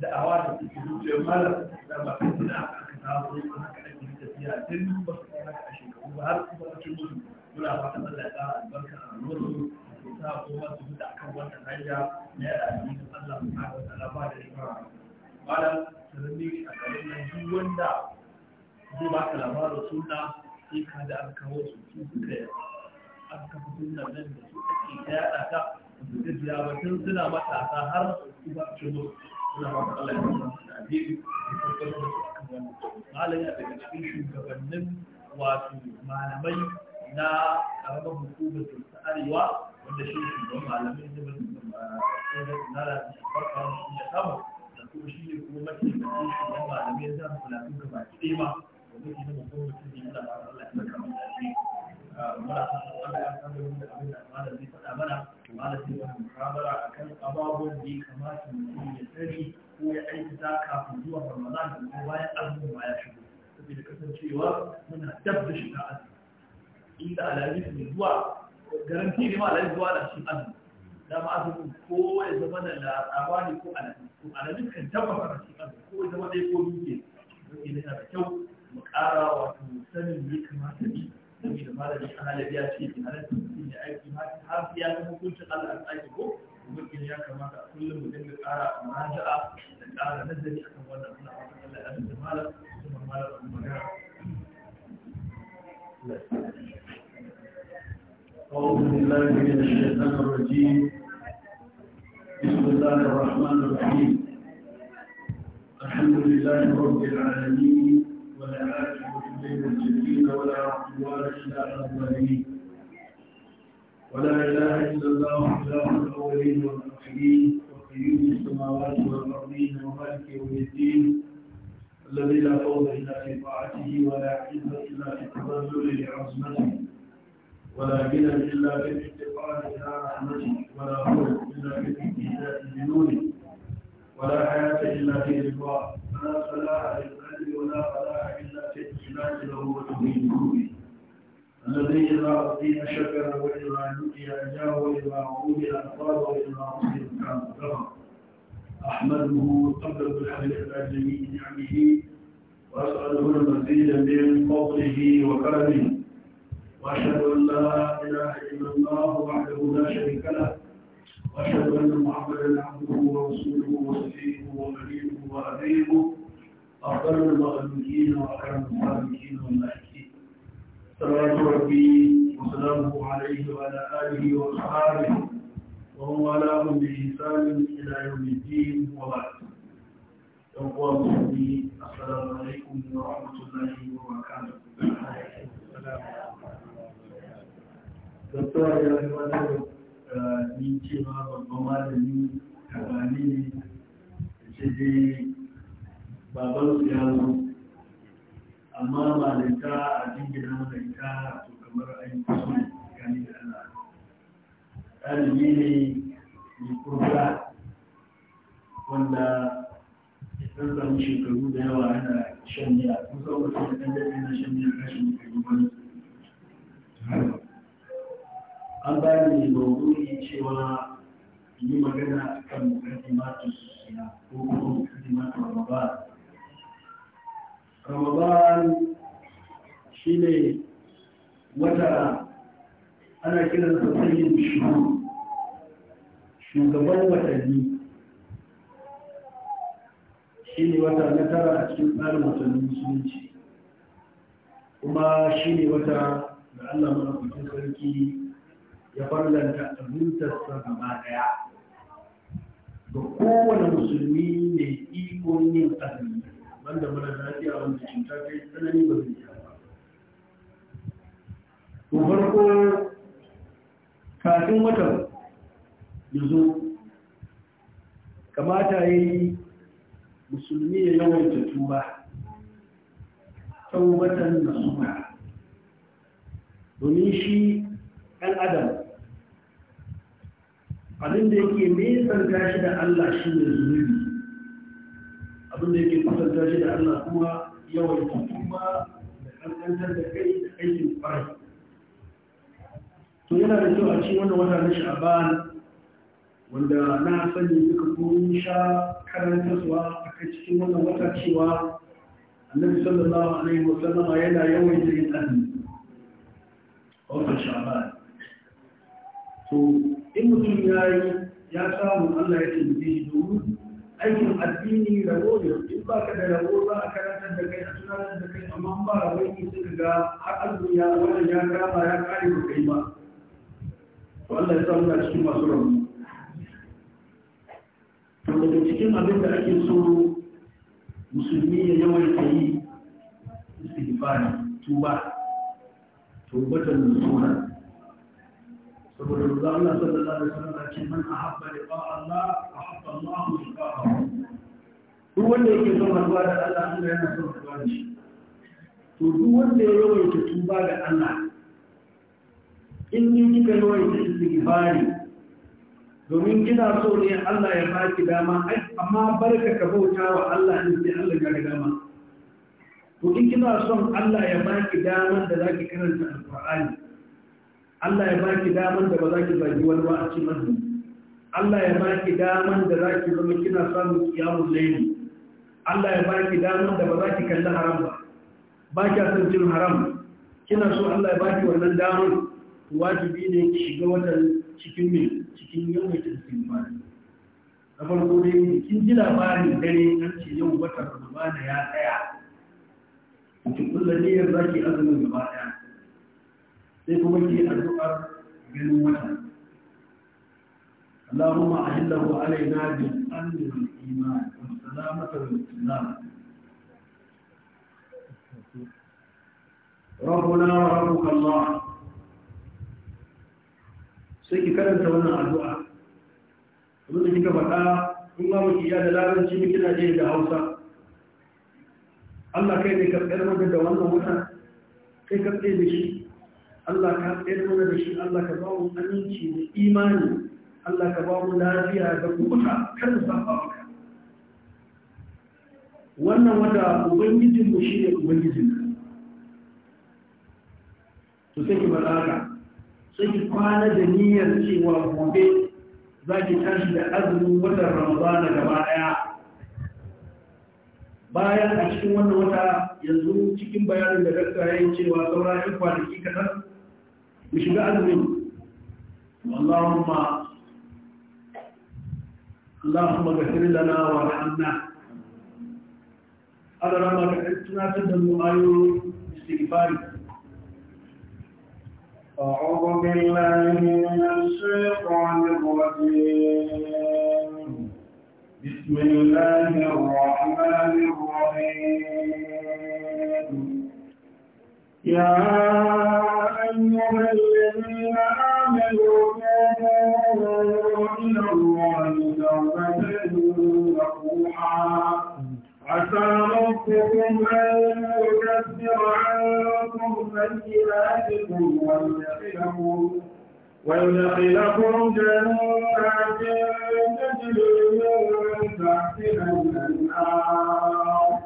da awa da suke zuciyar mara da ba ka tuna aka samu haka ake tafiya tun ba su haka a shekaru ba har kuma a cikin musu muna fatan Allah ya ƙara albarka a nuru da ta koma su fita akan wata hanya na yada da mutum Allah su ƙara wata lafa da shi fara malam sananne a garin nan duk wanda zai ba ka labarin suna sai ka da an kawo su su suka yi an kafa suna nan da su ake yaɗa ta da gajiya ba tun suna matasa har su ba su mutu suna ba Allah ya nuna mana da wannan wato malamai na karamar hukumar ta arewa wanda shi shugaban malamai da wani tsoron nara da farka wani shi ya samu da kuma shi ne kuma mace da shi shugaban malamai za su kula da baki ɗaya ma da muke da mutum mutum ne yana ba da ya saka mana alheri ah, muna fatan Allah ya samu da abin da malam zai faɗa mana malam sai wani muhabara akan ababuwan da ya kamata mutum ya sani ko ya aikata kafin zuwa ramadan da kuma bayan azumin ma ya shigo saboda kasancewa muna dab da shiga azumi inda alhamis mai zuwa garanti ne ma alhamis zuwa da shi azumi dama azumin ko ya zama da latsawa ne ko alhamis ko alhamis kan tabbata da shi azumi ko ya zama ɗaya ko biyu ke don yana da kyau mu ƙara wato sanin ya kamata ne shi malami an halabiya ce ki halatta mutum ya aiki har sai ya san hukuncin Allah an aiki ko mutum ya kamata a kullum mu dinga ƙara muraja'a da ƙara nazari akan wannan suna a cikin Allah da malam kuma malam abu magana. أعوذ بالله من الشيطان الرجيم بسم الله الرحمن الرحيم الحمد لله رب العالمين والعاقبة للمشركين ولا عدوان إلا الأولين ولا إله إلا الله إله الأولين والآخرين وقيوم السماوات والأرضين ومالك يوم الدين الذي لا فوز إلا في طاعته ولا عزة إلا في التنازل لعظمته ولا غنى إلا في بالافتقار إلى رحمته ولا خلق إلا بالامتداد بنوره ولا حياة إلا في رضاه فلا صلاح للقلب ولا التبات له وتمين به الذي إذا أعطينا شكر وإذا نجي أجاه وإذا عودي أنصار وإذا عصير كان غفر أحمده قبل بالحمد على جميع نعمه وأسأله المزيد من فضله وكرمه وأشهد أن لا إله إلا الله وحده لا شريك له وأشهد أن محمدا عبده ورسوله وصفيه وخليله وأبيه أفضل المخلوقين وأكرم الخالقين والمالكين صلوات ربي وسلامه عليه وعلى آله وأصحابه ومن والاهم بإحسان إلى يوم الدين وبعد يقوى مسلمين السلام عليكم ورحمة الله وبركاته Doktor ya yi wani ni cewa babban malami kabani ne da ce dai babban su ya zo amma ta a jingina masa ita to kamar an yi kusa gani da Allah ɗalibi ne mai kurba wanda ɗan samu shekaru da yawa ana shan miya kun sau da ɗan daɗe na shan miya kashin kai wani an ba ni mawuri cewa yi magana kan mukaddimatu siya ko kuma mukaddimatu ba ramadan shi ne wata ana kiran sassanin shuru shugaban watanni shi ne wata na tara a cikin tsarin watannin musulunci kuma shi ne wata da allah maɗaukakin sarki ya farlanta abintarsa gaba daya ga kowane musulmi ne ikon yin azumi wanda mara lafiya wanda cuta ta yi tsanani ba zai yi ba to farko kafin watan ya zo kamata ya yi musulmi ya yawanta tuba na suna. domin shi ɗan adam abin da yake tsarka shi da Allah shi ne zunubi abinda yake kusanta shi da Allah kuma yawan kuma da kankantar da kai da aikin kwarai to yana da kyau a ci wannan wata na sha'aban wanda na sani duka kun sha karantarwa a cikin wannan wata cewa annabi sallallahu alaihi wa sallama yana yawan yin azumi wata sha'aban to in mutum ya yi ya samu Allah ya taimake shi domin aikin addini da ne in ba ka da rabo za a karantar da kai a tunatar da kai amma ba rabon yi suka ga har duniya ya wannan ya kama ya kare ba kai ba wannan ya muna cikin masu rabo to daga cikin abin da ake so musulmi ya su yi istighfari tuba tubatan musulmi saboda ruza Allah sallallahu alaihi wasallam ce man ahabba liqa Allah ahabba Allah liqa'ahu duk wanda yake son rabuwa da Allah Allah yana son rabuwa da shi to duk wanda ya yawaita tuba ga Allah in ni kika yawaita istighfari domin kina so ne Allah ya baki dama ai amma barka ka bauta wa Allah in sai Allah ya dama to in kina son Allah ya baki dama da zaki karanta alqur'ani Allah ya ba ki daman da ba za ki zagi wani ba a ci mazi. Allah ya ba ki daman da za ki zama kina samun kiyamun laini. Allah ya ba ki daman da ba za ki kalli haram ba ba ki san cin haram kina so Allah ya ba ki wannan daman wajibi ne ki shiga watan cikin mai cikin yawaitin simfani na farko dai kin ji labarin dare an ce yau watan ramadana ya tsaya ki kulla niyyar zaki azumin gaba ɗaya. sai kuma ke addu'ar ganin wata اللهم أهله علينا بالأمن والإيمان والسلامة والإسلام ربنا وربك الله sai ki karanta wannan addu'a abin da kika faɗa kun miki ya da larabci miki na da Hausa Allah kai ne ka tsayar da wannan kai shi Allah ka ɗaya da shi Allah ka ba mu aminci da imani Allah ka ba mu lafiya da kuka kan mu saba maka wannan wata ubangijin mu shi ne ubangijin ka to sai ki ka. sai ki kwana da niyyar cewa gobe za ki tashi da azumin watan ramadana gaba daya bayan a cikin wannan wata yanzu cikin bayanin da dakta ya yi cewa saura da kwanaki kaɗan مش بعد منه اللهم اللهم اغفر لنا وارحمنا هذا لما رحلتنا تدلوا آيو استغفاري أعوذ بالله من الشيطان الرجيم بسم الله الرحمن الرحيم يا أيها الذين آمنوا توبوا إلى الله توبة نصوحا عسى ربكم أن يكفر عنكم سيئاتكم ويدخلكم ويدخلكم جنات تجري من تحتها الأنهار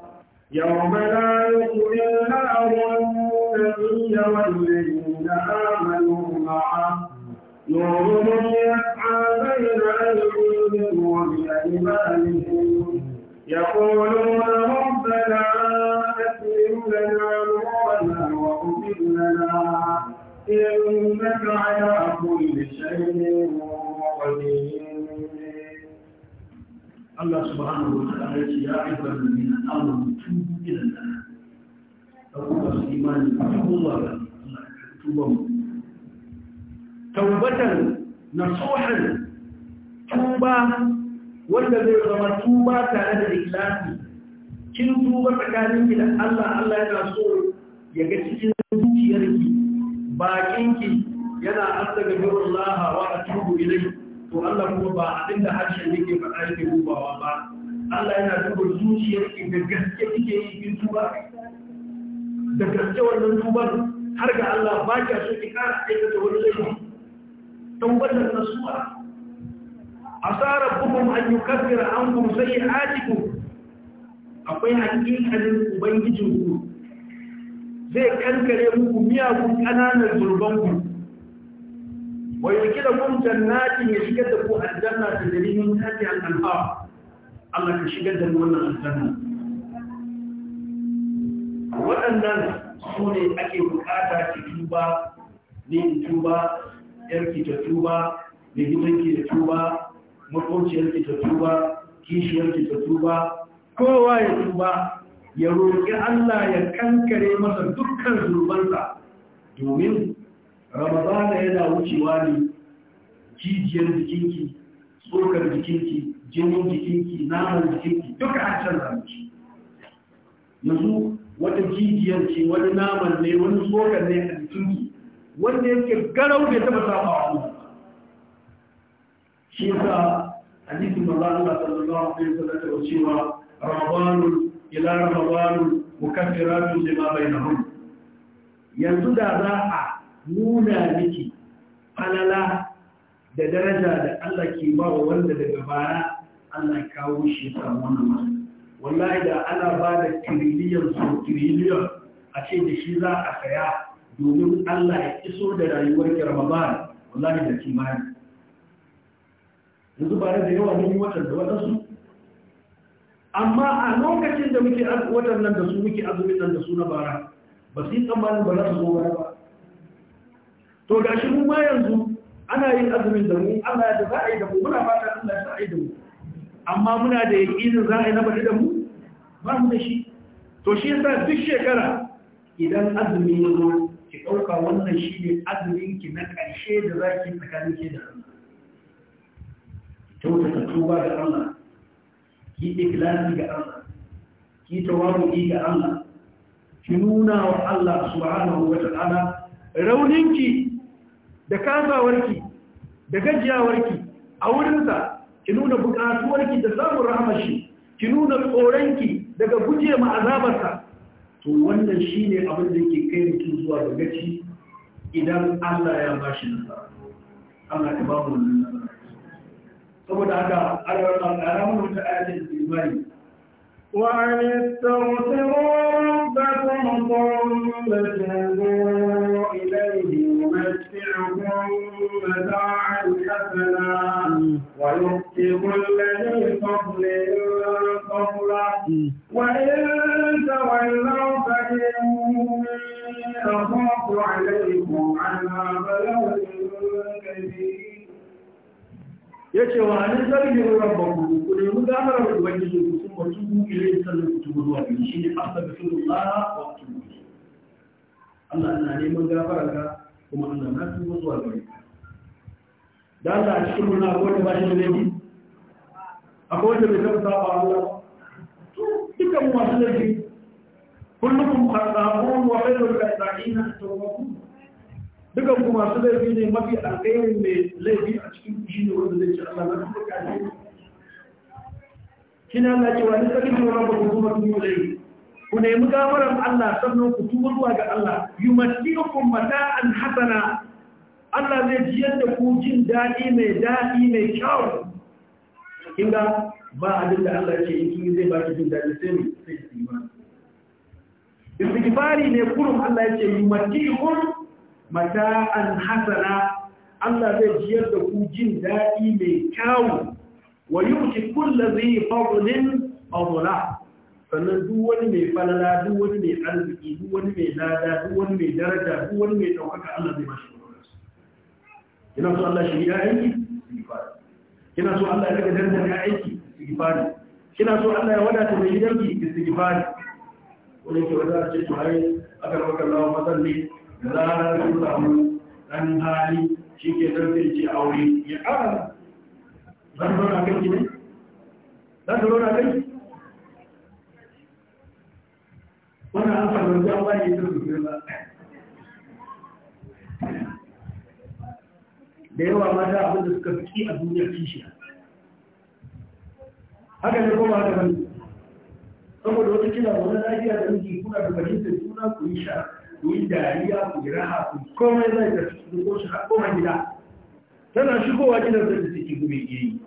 يوم لا يؤمن إلا النبي والذين آمنوا معه نورهم يسعى بين أيديهم وبأيمانهم يقولون ربنا أسلم لنا نورنا واغفر لنا إنك على كل شيء قدير Allah subhanahu wa ta'ala ya ce ya ayyuhal ladina amanu tubu ila Allah da kuma su imani ku zuwa ga Allah ka ba. mu na tsohon tuba wanda zai zama tuba tare da ikhlasi kin tuba tsakanin ki da Allah Allah yana so ya ga cikin zuciyarki bakinki yana astaghfirullah wa atubu ilayhi to Allah kuma ba abinda harshen yake faɗa yake dubawa ba Allah yana duba zuciyar ki da gaske kike yi ki tuba da gaske wannan tuba har ga Allah ba ki so ki ƙara aikata wani laifi don wannan nasuwa asara bukum an yukaffira ankum sayi'atikum akwai hakikalin ubangijinku zai kankare muku miyagun ƙananan zurbanku Wai wa yudkhilukum jannatin ya shigar da ku aljanna da dalilin tafi al-anhar Allah ka shigar da wannan aljanna waɗannan sune ake bukata ki tuba ne tuba yarki ta tuba ne gidanki da tuba makwabciyarki ta tuba kishiyarki ta tuba kowa ya tuba ya roƙi Allah ya kankare masa dukkan zurbansa domin ramadana yana wucewa ne jijiyar jikinki tsokar jikinki jinin jikinki naman jikinki duka an canza miki yanzu wata jijiyar ce wani naman ne wani tsokar ne a jikinki wanda yake garau bai taba samu a wani shi yasa hadisin mazalala sallallahu alaihi wasallam da cewa ramadanu ila ramadanu mukaffiratun lima bainahum yanzu da za a nuna miki falala da daraja da Allah ke ba wa wanda daga bara, Allah kawo shi ya samu wannan masu wallahi da ana ba da tiriliyan su tiriliyan a ce da shi za a saya domin Allah ya iso da rayuwar Ramadan wallahi da kimani yanzu ba da yawa ne watan da su. amma a lokacin da muke watan nan da su muke azumin nan da su na bara ba su yi tsammanin ba za su zo ba to shi mu ma yanzu ana yin azumin da mu Allah ya za a yi da mu muna fata Allah ya za a yi da mu amma muna da yaƙinin za a yi na bari da mu ba mu da shi to shi yasa duk shekara idan azumi ya zo ki ɗauka wannan shi ne azumin ki na ƙarshe da za ki tsakanin ke da Allah ta tuba ga Allah ki ikilasi ga Allah ki tawaru'i ga Allah ki nuna wa Allah subhanahu wa ta'ala rauninki da kasawarki da gajiyawarki a wurinsa ki nuna bukatuwarki da samun rahamar shi ki nuna tsoronki daga guje ma azabarsa to wannan shine abin da yake kai mutum zuwa ga gaci idan Allah ya ba shi nasara Allah ya ba mu nasara saboda haka Allah ya ƙara mana wata ayatin imani وأن استغفروا ربكم ثم تنظروا إليه لكم متاعا حسنا ويؤتي كل ذي فضل ya ce wa ku sun shi ne da Allah na neman gafara kuma ana na tuba zuwa gare ka da Allah a cikin murna akwai wanda ba shi da laifi akwai wanda bai san saba Allah to dukkan masu laifi kullukum khata'un wa khairul khata'in at-tawwabun dukkan ku masu laifi ne mafi alkhairi mai laifi a cikin shi ne wanda zai ci Allah na tuba ka kina ne Allah ce wa ni sakin rabbukum kuma tubu ilayhi ku nemi gafaran Allah sannan ku tuba zuwa ga Allah yumatikum mata'an hasana Allah zai jiyar da ku jin daɗi mai daɗi mai kyau kinga ba abin da Allah ce in zai ba ki jin daɗi sai mu sai ki ba istighfari ne kurum Allah ya ce yumatikum mata'an hasana Allah zai jiyar da ku jin daɗi mai kyau wa yuti kullu dhi fadlin awla sannan duk wani mai falala duk wani mai arziki duk wani mai lada duk wani mai daraja duk wani mai ɗaukaka Allah zai bashi gwamnati yana so Allah shi ya aiki istighfar yana so Allah ya daga danta ya aiki istighfari yana so Allah ya wadata mai gidanki istighfari wani ke wadata ce to ai aka maka lawa masalli da zarar sun samu dan hali shi ke zarfe ce aure ya ƙara ba ka kai ne ba ka kai wannan an samu ruwan wani ya zurfi girma da yawa mata abin da suka fi a duniyar kishiya haka ne kuma haka wani saboda wata kila wani lafiya da miji kuna da fahimtar juna ku yi sha ku yi dariya ku yi raha ku komai zai da su ko shi har koma gida tana shigowa gidan da take gube iri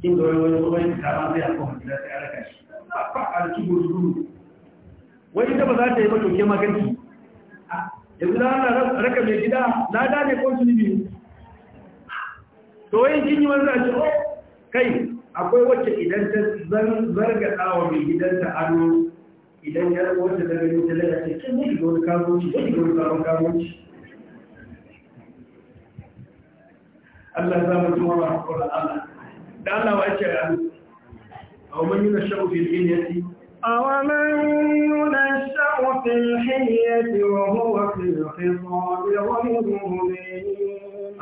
kin ga wani wani kuma yin kama zai a koma gida sai a shi wani da ba za ta yi toke maganci yanzu da ana raka mai gida na dane ko su ne. to wani jin yi wanda ce o oh, kai akwai wacce idan ta zarga wa mai gidanta ado idan ya wacce da gani ta lalace kin ne ga wani kamoci ne ga wani sabon kamoci Allah ya zama tuwa ba Allah da Allah wa ce أو من ينشأ في الحلية أو من ينشأ في الحلية وهو في الخطاب غير مبين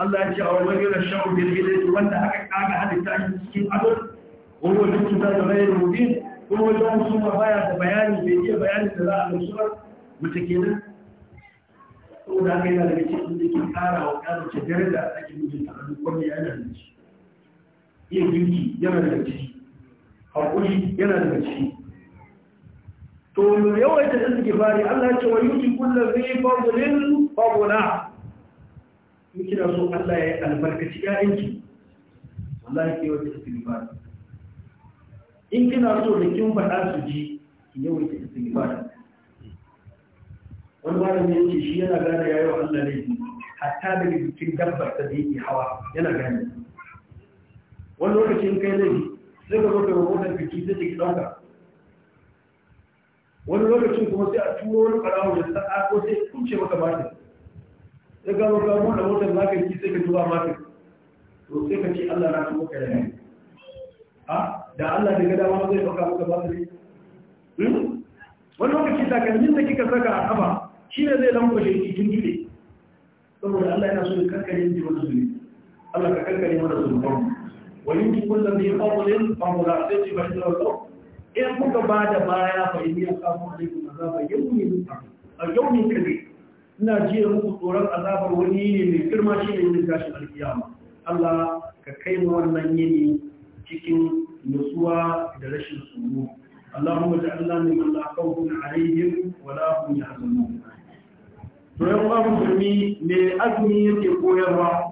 الله يجي أو من ينشأ في الحلية وأنت أجا حد تعيش مسكين أبد وهو جنس الكتاب غير مبين وهو جنس سورة بايع بيان بيجي بيان لا أهل متكينة saboda haka yana daga cikin da ke kara wa ƙarar ce daraja a cikin mutunta a duk wani yana haƙuri yana daga ciki to yawaita da suke fari Allah ce wa yuti kullum zai fagulin fagula miki da so Allah ya yi albarkaci ‘ya'yanki wallahi ke wata fari. in kina so da kin faɗa su ji suke fari. wani da ne ce shi yana gane yi wa Allah ne hatta da jikin dabbar da yake hawa yana gane wani lokacin kai laifi sai ka zo da rahoton biki sai ki ɗauka wani lokacin kuma sai a turo wani ɓarawo da sa'a ko sai kunce maka batin sai ka zo da motar za ka yi sai ka tura matin to sai ka ce Allah na tuwo ka yi a da Allah daga dama zai ɗauka maka batin hmm? wani lokaci takalmin da kika saka a kafa shi ne zai lankwashe ki tuntule saboda Allah yana so ya karkare miki wani zunubi Allah ka karkare mana zunubanmu wani kullum zai fawulin fawula sai ce bai da wato in kuka ba da baya fa in ya na da yau ne a yau ne kabe ina jiya muku tsoron azabar wani ne mai girma shi ne yin gashi alkiyama Allah ka kai mu wannan yini cikin nutsuwa da rashin tsoro اللهم اجعلنا ممن لا خوف عليهم ولا هم يحزنون. تو يا الله مسلمي لأزمي يقول koyarwa.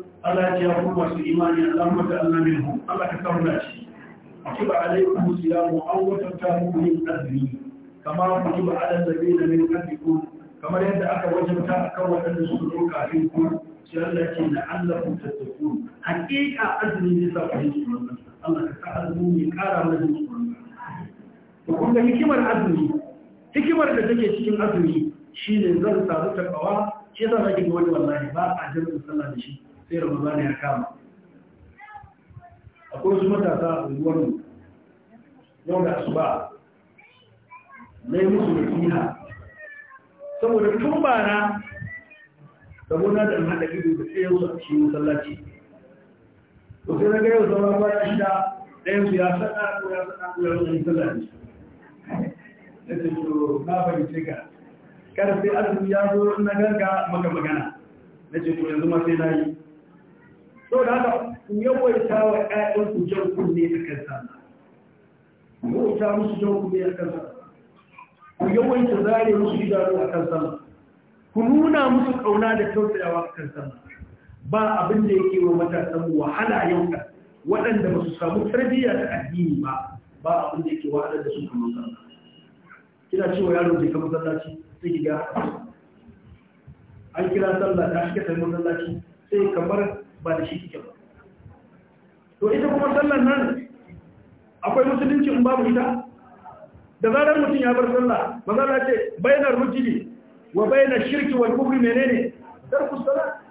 Allah ya ce kuma masu imani Allah maka Allah min hu Allah ka kauna shi akiba alaikum siyamu aw watamu min azmi kama kutiba ala alladhina min qablikum kamar yadda aka wajabta akan wadanda su zo kafin ku sai Allah ce na Allah ku tattaku hakika azumi ne sa ku yi Allah ka sa azmi ne kara mana tsoron to kun ga hikimar azmi hikimar da take cikin azmi shine zan samu takawa shi zan rage wani wallahi ba a jirin sallah da shi sai ramadan ya kama akwai wasu matasa a yau da asuba na yi musu nasiha saboda tun ba na, saboda da haɗa ido da tsaye su a cikin musallaci. to sai na ga yau zama ya shida ɗayan su ya saɗa ko ya saɗa ko ya saɗa masallaci na ce to na fahimce ka kada sai azumi ya zo na ganga maka magana na ce to yanzu ma sai na yi so da haka yawaita wa ƴaƴan ku jan kunne a kan sallah ku yawaita musu jan kunne a kan sallah ku yawaita zare musu idanu a kan sallah ku nuna musu ƙauna da tausayawa a kan sallah ba abin da yake wa matasan wahala yau da waɗanda ba su samu tarbiyya da addini ba ba abin da yake wahala da su kamar sallah kina cewa yaro je kamar sallaci sai ki ga an kira sallah ta shiga ta masallaci sai kamar ba da shi kike ba to ita kuma sallar nan akwai musulunci in babu ita da zarar mutum ya bar sallah magana ce bainar rujuli wa bainar shirki wal kufri menene tarku salat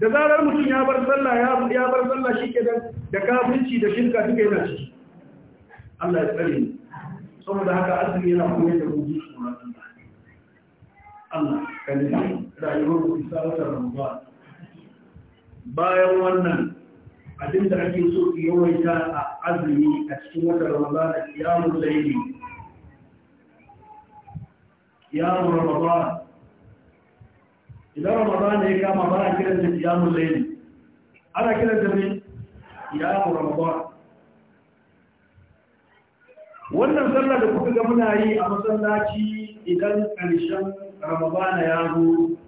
da zarar mutum ya bar sallah ya ya bar sallah shi kenan da kafirci da shirka duka yana ciki Allah ya tsare ni saboda haka azumi yana koyar da mu Allah kalli kan rayuwar ku isa wata Ramadan bayan wannan abin da ake so ki yawaita a azumi a cikin wata ramadana kiyamun ne, ya ramadana idan ramadana ya kama ba a kiran da kiyamun laili ana kiran da ne ya ramadana wannan sallar da kuka ga muna yi a masallaci idan ƙarshen ramadana ya zo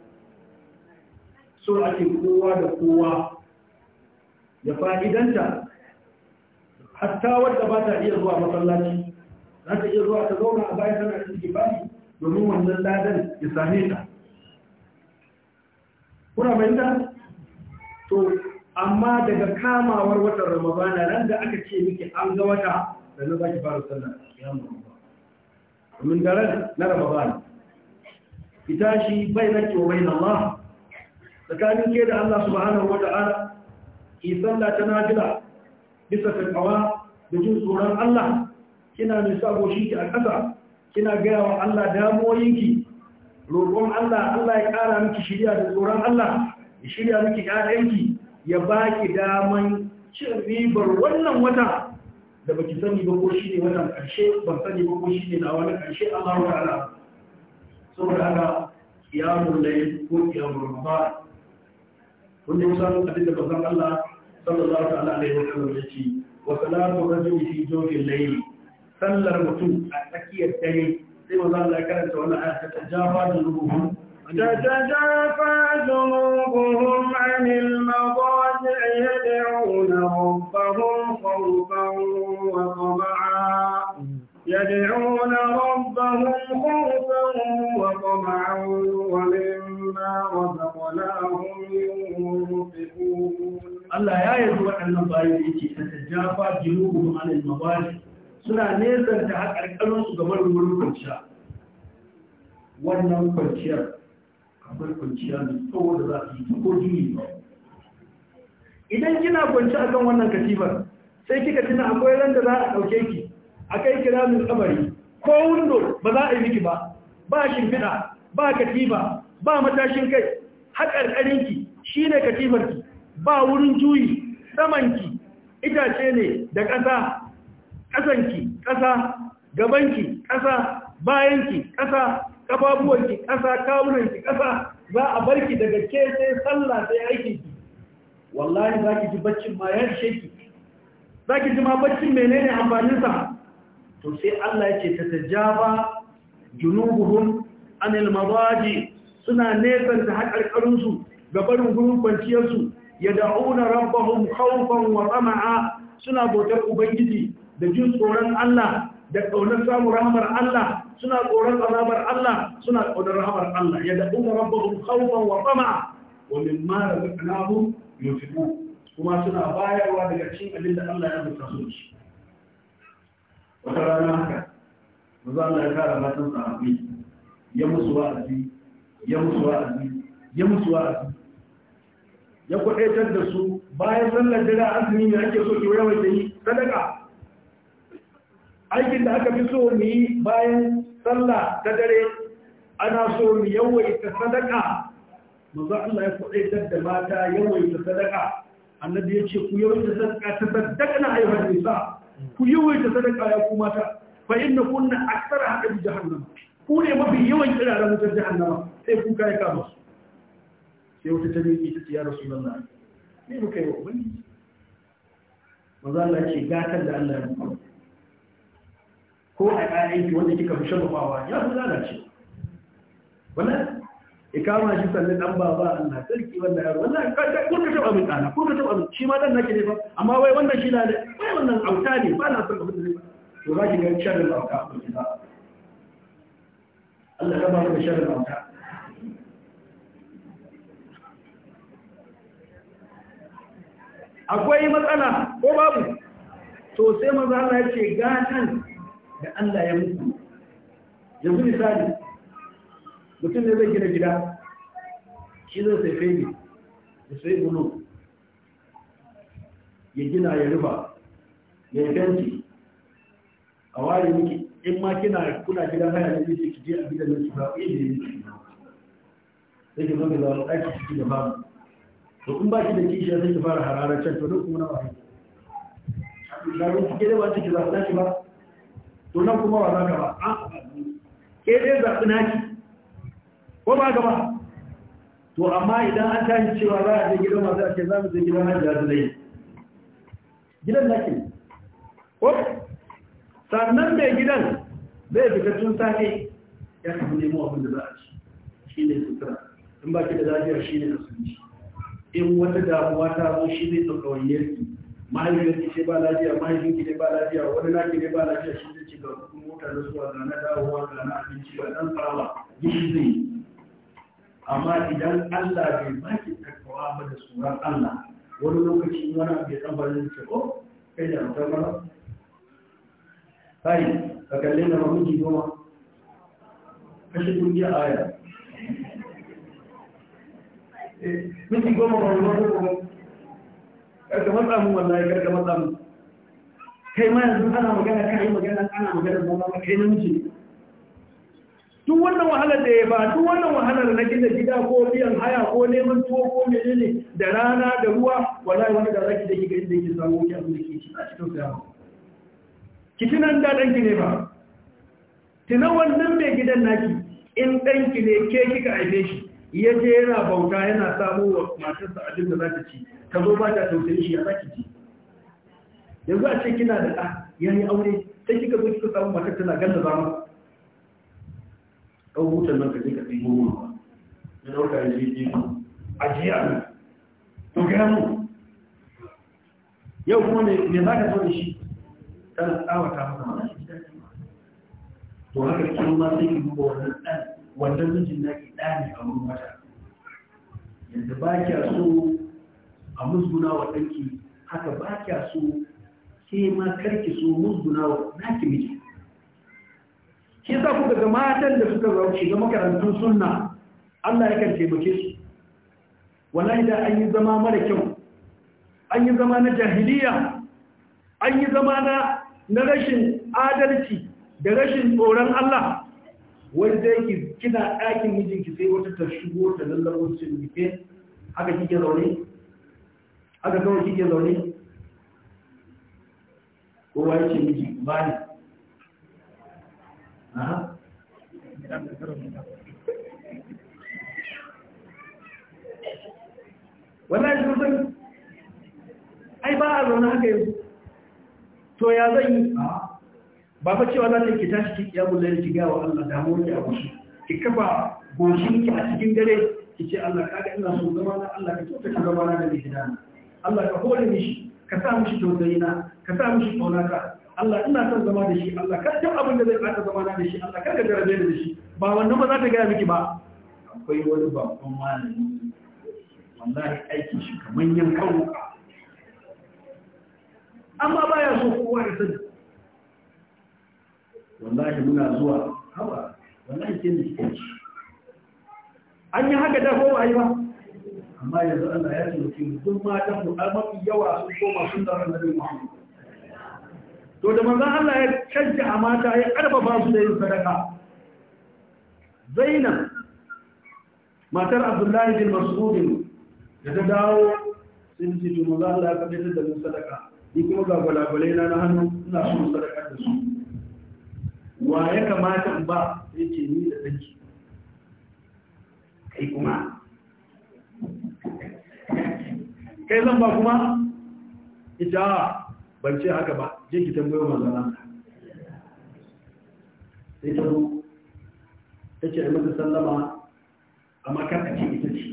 so ake kowa da kowa ya fa'idanta hatta wadda ba ta iya zuwa masallaci za ta iya zuwa ta zauna a bayan tana da suke bani domin wannan ladan ya same ta kuna bayyana to amma daga kamawar watan ramadana nan da aka ce miki an ga wata da na zaki fara sallar ya mamba domin daren na ramadana ita shi bai zaki ke wa bayan Allah tsakanin ke da Allah subhanahu wa ta'ala ki sallah ta najila bisa takawa da jin tsoron Allah kina mai sabo shi ki a ƙasa kina gaya wa Allah damoyinki roƙon Allah Allah ya ƙara miki shirya da tsoron Allah ya shirya miki ƴaƴanki ya baki daman cin ribar wannan wata da baki sani ba ko shi ne wannan ƙarshe ban sani ba ko shi ne na wani ƙarshe Allah ta'ala saboda haka ya mulai ko ya mulai kun yi san abin da bazan Allah sallallahu ta'ala alaihi wa sallam yace wa salatu rajuli fi jawfil layl sallar mutum a tsakiyar dare sai manzo Allah ya karanta wannan aya ta tajafa da ruhum تتجافى جنوبهم عن المضاجع يدعون ربهم خوفا وطمعا يدعون ربهم Wannan bayan da yake ta jafa jinubu anil mabali suna nesar da alƙalon su gamar wurin kwanciya wannan kwanciyar kamar kwanciya mai tsawo da za su yi ta ko jini ba idan kina kwanci akan wannan katifar sai kika tuna akwai ran da za a ɗauke ki a kai kira min kabari ko wundo ba za a yi miki ba ba shimfiɗa ba katifa ba matashin kai haƙarƙarinki shi ne katifarki ba wurin juyi samanki itace ne da ƙasa ƙasanki ƙasa gabanki ƙasa bayanki ƙasa ƙafafuwanki ƙasa kawunanki ƙasa za a barki daga ke sai sallah sai aikinki wallahi za ki ji baccin ma ya sheki za ki ji ma baccin menene amfaninsa to sai Allah ya ce ta tajaba junubuhum anil mabaji suna nesanta da haƙarƙarinsu ga barin gurin kwanciyarsu yad'una rabbahum khawfan wa tama'a suna bautar ubangiji da jin tsoron Allah da ƙaunar samun rahmar Allah suna tsoron azabar Allah suna ƙaunar rahmar Allah ya da umar rabbahum khawfan wa tama'a wa mimma razaqnahum yunfiqun kuma suna bayarwa daga cikin abinda Allah ya rubuta su shi wata rana haka maza Allah ya kara matan sahabbai ya musu wa'azi ya musu wa'azi ya musu wa'azi ya kwadaitar da su bayan sallar dare azumi ne ake so ki da yi sadaka aikin da aka fi so mu bayan sallah ta dare ana so mu yawaita sadaka manzo Allah ya kwadaitar da mata yawaita sadaka annabi ya ce ku yawaita sadaka ta na ayyuhan nisa ku yawaita sadaka ya ku mata fa inna kunna aktsara hada jahannam ku ne mafi yawan kiraren wutar jahannama sai ku kai ka sai wata ta miƙe ta ya rasu nan nan ne muka yi wa ubangiji maza Allah ce gatar da Allah ya muku ko a ƴaƴanki wanda kika fi shafafawa ya fi lalace wannan ya kama shi sannan dan baba Allah sarki wanda ya wannan kai ko ka taba min dana ko ka taba min shi ma dan nake ne fa amma wai wannan shi na ne wai wannan auta ne ba na son abin da ne, to za ki ga sharrin auta Allah ya ba mu sharrin auta akwai matsala ko babu to sai maza Allah ya ce gatan da Allah ya muku yanzu misali mutum ne zai gina gida shi zai sai fegi da sai bulu ya gina ya rufa ya yi fenti a ware miki in ma kina kuna gida? haya ne zai ki je a gidan nan ki ba ku da yi zai ke zo da ɗaki ciki da babu to in ba shi da kishi sai ki fara harara can to duk kuma na wahayi sharon ki da ba kiba zaɓa ki ba to nan kuma wa za ka ba a ke dai ku naki ko ba gaba. ba to amma idan an tashi cewa za a je gidan masu ake za mu je gidan hajji zai zai gidan naki ko sannan mai gidan zai fita tun safe ya tafi nemo abin da za a ci shi ne sutura in ba ki da lafiya shi ne asibiti in wata damuwa ta zo shi zai ɗauka wani mahaifiyarki ce ba lafiya ki ne ba lafiya wani ki ne ba lafiya shi zai ci ga kuma mota da zuwa ga na dawowa ga na abinci ga ɗan farawa gishi zai amma idan allah bai baki takawa ba da tsoron allah wani lokaci wani abu ya tsamba ba zai ce ko oh, kai da mutum ba kai ka kalli na mamaki goma kashe kungiyar aya miki goma ba matsa wallahi matsa kai ma yanzu ana magana magana ana magana ba ma kai duk wannan wahalar da ya ba duk wannan wahalar na gina gida ko biyan haya ko neman tuwo ko menene da rana da ruwa wallahi wani da zaki da kika inda yake samu ki abin da ke ci a cikin sa ki tunan da danki ne ba tunan wannan mai gidan naki in danki ne ke kika aife shi iya ce yana bauta yana samu wa matarsa abin da za ta ci ta zo ba ta tausayi shi ya za ki ci yanzu a ce kina da ɗa ya yi aure sai kika zo kika samu matar tana ganda za mu ɗau hutun nan ka je ka tsibo mu na ɗauka ya je biyu a jiya ne to gaya mu yau kuma me za ka zo da shi tana tsawata masa mana to haka kin ma sai ki duba wannan ɗan wannan mijin na ki ne a wurin mata yadda ba kya so a musguna wa ɗanki haka ba kya so sai ma karki so musguna wa naki miji shi za ku ga matan da suka shiga makarantun sunna Allah yakan taimake su wallahi da an yi zama mara kyau an yi zama na jahiliya an yi zama na rashin adalci da rashin tsoron Allah wani da yake kina ɗakin mijinki sai wata ta shigo ta lallabo su rufe haka kike zaune haka kawai kike zaune ba yake miji ba ne wannan shi kusan ai ba a zaune haka yanzu to ya zan yi ba fa cewa za ta ki tashi ki kiyamul layl ki ga wa Allah damuwar ki a kushi ki kafa goshin ki a cikin dare ki ce Allah kaga ina son zama na Allah ka kyauta ki zama na da gidana Allah ka hore mishi ka sa mishi tausayi na ka sa mishi tsonaka Allah ina son zama da shi Allah kar ta abin da zai bata zama na da shi Allah kar ka jarabe da shi ba wannan ba za ta gaya miki ba akwai wani babban malami wallahi aikin shi kamar yan kawo amma baya so kowa ya sani wallahi muna zuwa haba wallahi ke ne an yi haka da ko ba yi ba amma yanzu Allah ya ce mutum duk matan mu mafi yawa sun koma sun da ran nabi Muhammad to da manzon Allah ya canja a mata ya karfafa su da yin sadaka Zainab matar Abdullahi bin Mas'ud da ta dawo sun ce to manzon Allah ya kaddata da sadaka ni kuma ga gwalagwalai na na hannu ina son sadaka da su wa ya kamata in ba ya ce ni da ɗanki kai kuma kai zan ba kuma ita ban ce haka ba je ki tambayo mazana sai ta zo ta ce mata sallama amma kan a ce ita ce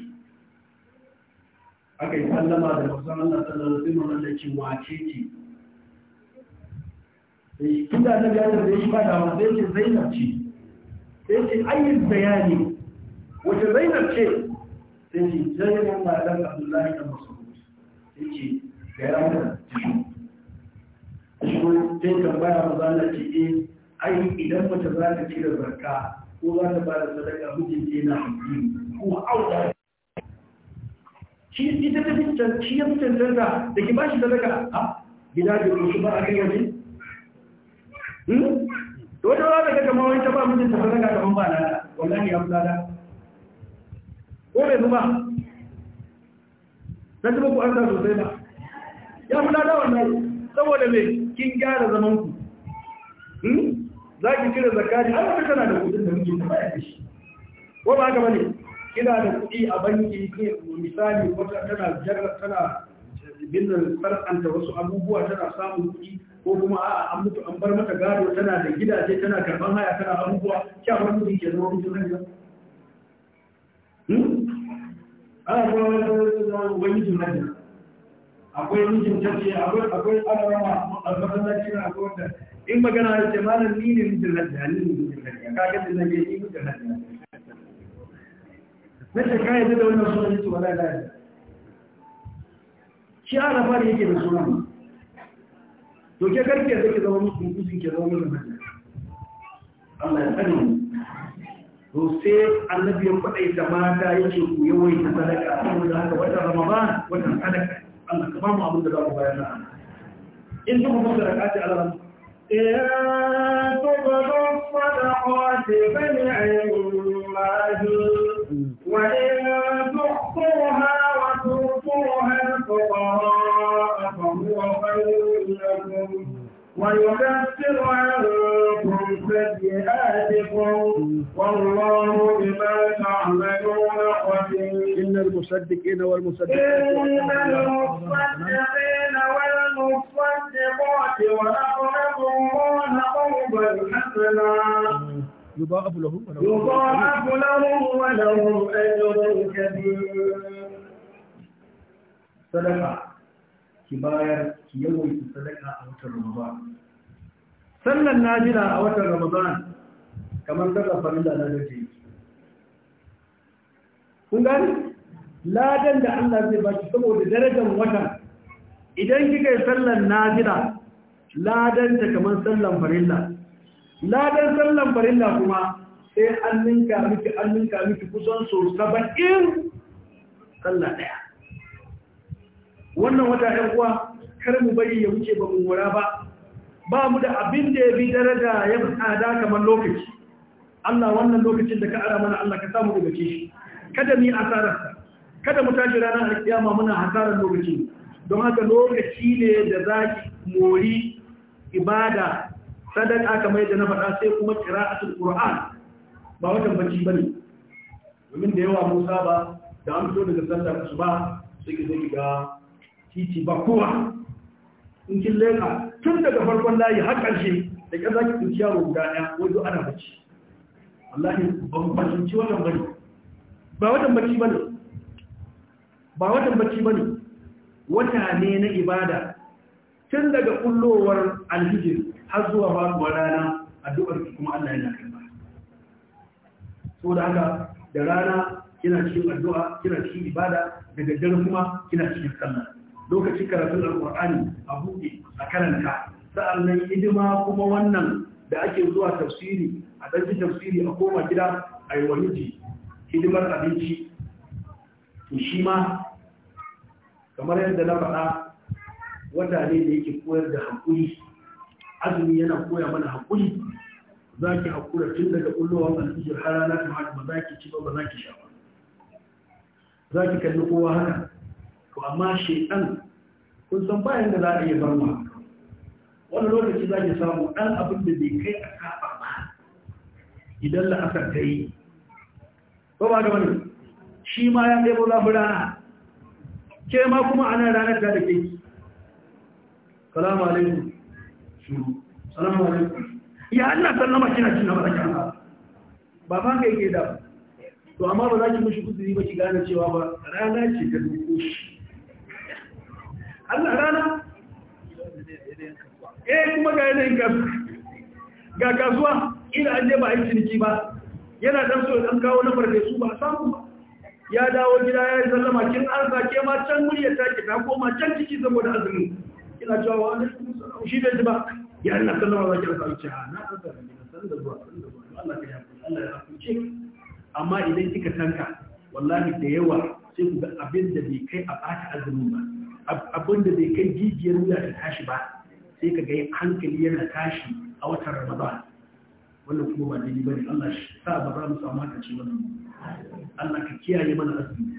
aka yi sallama da masu Allah sallallahu alaihi wasallam da ce wace ce Eh, tun da annabi ya tambaye shi ba da sai yake zainab ce sai ce ayyin bayani wace zainab ce sai ce zainab ma dan abdullahi dan mas'ud sai ce ga ya mata shi sai tambaya maza Allah ce eh ai idan mace za ta cire zakka ko za ta ba da sadaka mijinta na hakki ko auda shi ita ta fitar shi ya da ke ba shi sadaka a ah, gida da shi ba a kai waje to hmm? wata ba ka kama wani taba mijin ta sadaka kaman ba nata wallahi ya fulada ko bai zuba na zuba ku an sa sosai ba ya fi fulada wannan saboda mai kin gyara zaman ku hmm? za ki cire zakari an wata tana da kudin da mijin ta baya da shi ko ba haka bane kina da kuɗi a banki misali wata tana jarra tana binna farkanta wasu abubuwa tana samun kuɗi ko kuma a an mutu an bar mata gado tana da gidaje tana karban haya tana abubuwa ba mutum ke zama mutum nan hmm? ana kuma wani wani mijin nan akwai mijin tafi akwai akwai alarama almasallaci na akwai wanda in magana ya ce malam ni ne mijin nan ni ne mijin nan ka ga da ni mijin nan na ce kai da wannan sunan ce wala da shi arafa da yake da sunan to ke karke zai ke zama musu kusin ke zama musu hajji Allah ya tsani mu to sai annabi ya faɗai da mata yake ku yawai ta sadaka saboda haka wata ramadan wata sadaka Allah ka ba mu abin da za mu bayar na in duk mun da rakati Allah in tubdu sadaqati bani ayyullahi wa in tuqtuha ويكفر عنكم سيئاتكم والله بما تعملون خبير إن المصدقين والمصدقين إن المصدقين والمصدقات ولقنطوا الله قربا حسنا يضاعف لهم ولهم يضاعف لهم ولهم أجر كبير صدقه ki bayar ki yawaita sadaka a watan Ramadan sallan nafila a watan Ramadan kamar sallar farilla na dace kun gani ladan da Allah zai baki saboda darajar watan idan kika yi sallan nafila ladan ta kamar sallan farilla ladan sallan farilla kuma sai an ninka miki an ninka miki kusan so 70 sallah daya wannan wata ɗan uwa kar mu bari ya wuce ba mu wura ba ba mu da abin da ya bi daraja ya tsada kamar lokaci Allah wannan lokacin da ka ara mana Allah ka samu daga shi kada mu yi asararsa kada mu tashi ranar alkiyama muna hasarar lokaci don haka lokaci ne da zaki mori ibada sadaka kamar yadda na faɗa sai kuma qira'atul qur'an ba watan bacci bane domin da yawa mun saba da an fito daga sallar asuba sai ki zo ki ga titi ba kowa in kin leka tun daga farkon layi har ƙarshe da ƙyar za ki tsinci yaro guda ɗaya wajen ana bacci wallahi mu fahimci wannan bane ba watan bacci bane ba watan bacci bane wata ne na ibada tun daga kullowar alhijir har zuwa faruwar rana addu'ar ki kuma Allah yana karba so da haka da rana kina cikin addu'a kina cikin ibada daga dare kuma kina cikin sallah lokacin karatun alkur'ani a buɗe a karanta sa'annan hidima kuma wannan da ake zuwa tafsiri a ɗanci tafsiri a koma gida a yi miji hidimar abinci to shi ma kamar yadda na faɗa wata ne da yake koyar da haƙuri azumi yana koya mana haƙuri za ki haƙura tun daga ƙullowar alfijir har rana ta haka ba za ki ci ba ba za ki sha ba za ki kalli kowa haka to amma shekan kun san bayan da za a iya bar wani lokaci za ki samu ɗan abin da bai kai a kafa ba idan la'asar ta yi ba ba da wani shi ma ya ɗebo zafi rana ke ma kuma ana ranar ta da ke salamu alaikun. su salamu alaikum ya Allah sallama kina cin na marakin ba ba ka ke da to amma ba za ki mishi kuzuri ba ki gane cewa ba rana ce ta doko shi Allah rana eh kuma ga yanayin ga kasuwa ina an ba ba yi ciniki ba yana dan so dan kawo na farfe su ba samu ba ya dawo gida ya yi sallama kin an sake ma can murya ta ke ta koma can ciki saboda azumi ina cewa wa ne shi da ba ya Allah sallama zaki an sauke ha na an sallama ne san da zuwa san da zuwa Allah ya Allah ya hukunce amma idan kika tanka wallahi da yawa sai ku ga abin da bai kai a ɓata azumin ba abin da bai kai jijiyar wuya ta tashi ba sai ka ga hankali yana tashi a watan ramadan wannan kuma ba daidai ba ne. Allah shi sa ba za mu samu haka ce mana Allah ka kiyaye mana azumi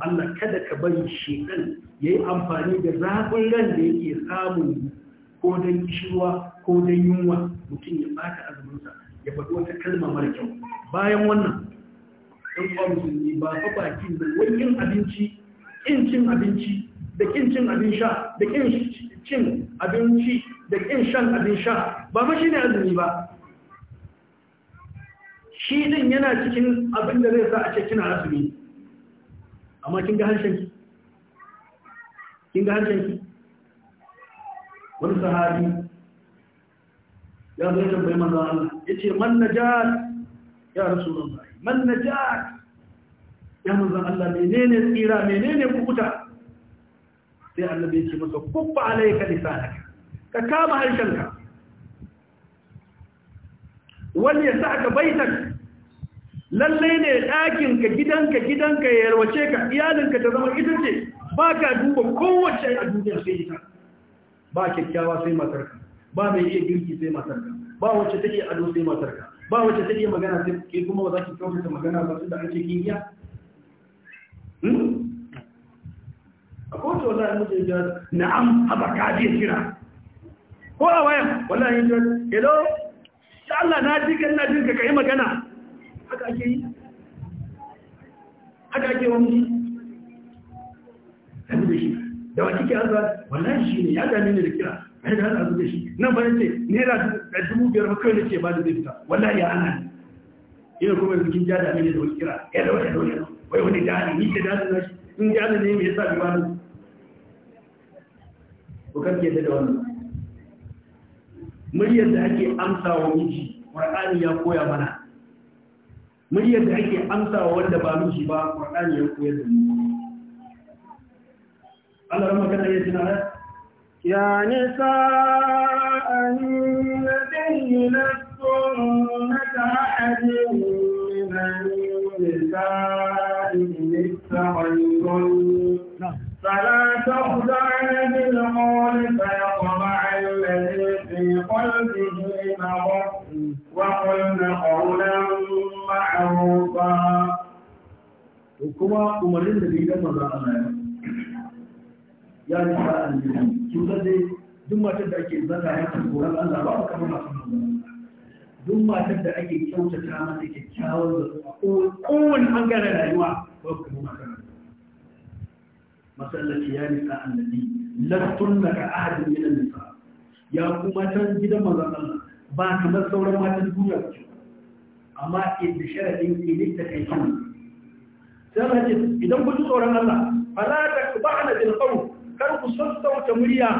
Allah kada ka bari shekan ya yi amfani da zafin ran da yake samun ko don kishirwa ko don yunwa mutum ya bata azuminsa ya faɗi wata kalma mara kyau bayan wannan ɗan ba musulmi ba fa bakin nan wani abinci in cin abinci da kin cin abin sha da kin cin abinci da kin shan abin sha ba ma shine azumi ba shi din yana cikin abin da zai sa a ce kina azumi amma kin ga harshen ki kin ga harshen ki wani sahabi ya zo tambayi manzo Allah yace man najat ya rasulullahi man najat ya manzo Allah menene tsira menene kukuta sai annabi ya ce masa kubba alayka lisanaka ka kama harshenka wani ya saka baitak lalle ne ɗakin ka gidanka gidanka ya yarwace ka iyalinka ta zama ita ce ba ka duba kowace a duniyar sai ita ba kyakkyawa sai matarka ba mai iya girki sai matarka ba wacce take ado sai matarka ba wacce take magana sai ke kuma ba za ki kyautata magana ba su da ake kiyiya hmm? a kowace wata ya mutu ya na'am haba kaji ya kira ko a wayan wallahi ya hello ya Allah na ji ka ina jinka ka yi magana haka ake yi haka ake wani yi da shi da wa kike azwa wallahi shi ne ya dame ni da kira ai da azu da shi nan ba nera da dubu biyar ba kai ce ba da zai fita wala ya ana ina kuma yanzu kin jada ne da wani kira ya da wani dole wai wani jani ni da jani na shi in jani ne me yasa ba ni ku kake da wannan muryar da ake amsa wa miji qur'ani ya koya mana muryar da ake amsa wa wanda ba miji ba qur'ani ya koya da mu Allah rahma kana yace na ya nisa annabi lakum ta'adin min nisa in istaqaytum فلا تخضعن بالقول فيطمع الذي في قلبه مرض وقلن قولا معروفا وكما umarnin da bai gama za a ya yi sa an yi cutar dai duk matar da ake zaka ya ta tsoron Allah ba ka kama masu nuna duk matar da ake kyautata mata kyakkyawar da a kowane bangaren rayuwa ba ka kama masu masallaci ya nisa annabi lastun daga ahadin min nisa ya kuma can gidan manzon Allah ba kamar sauran matan duniya ku amma idan sharadin idan ta kai kin sai Allah ce idan ku ji tsoron Allah fala takba'na bil qawl kar ku sassauta murya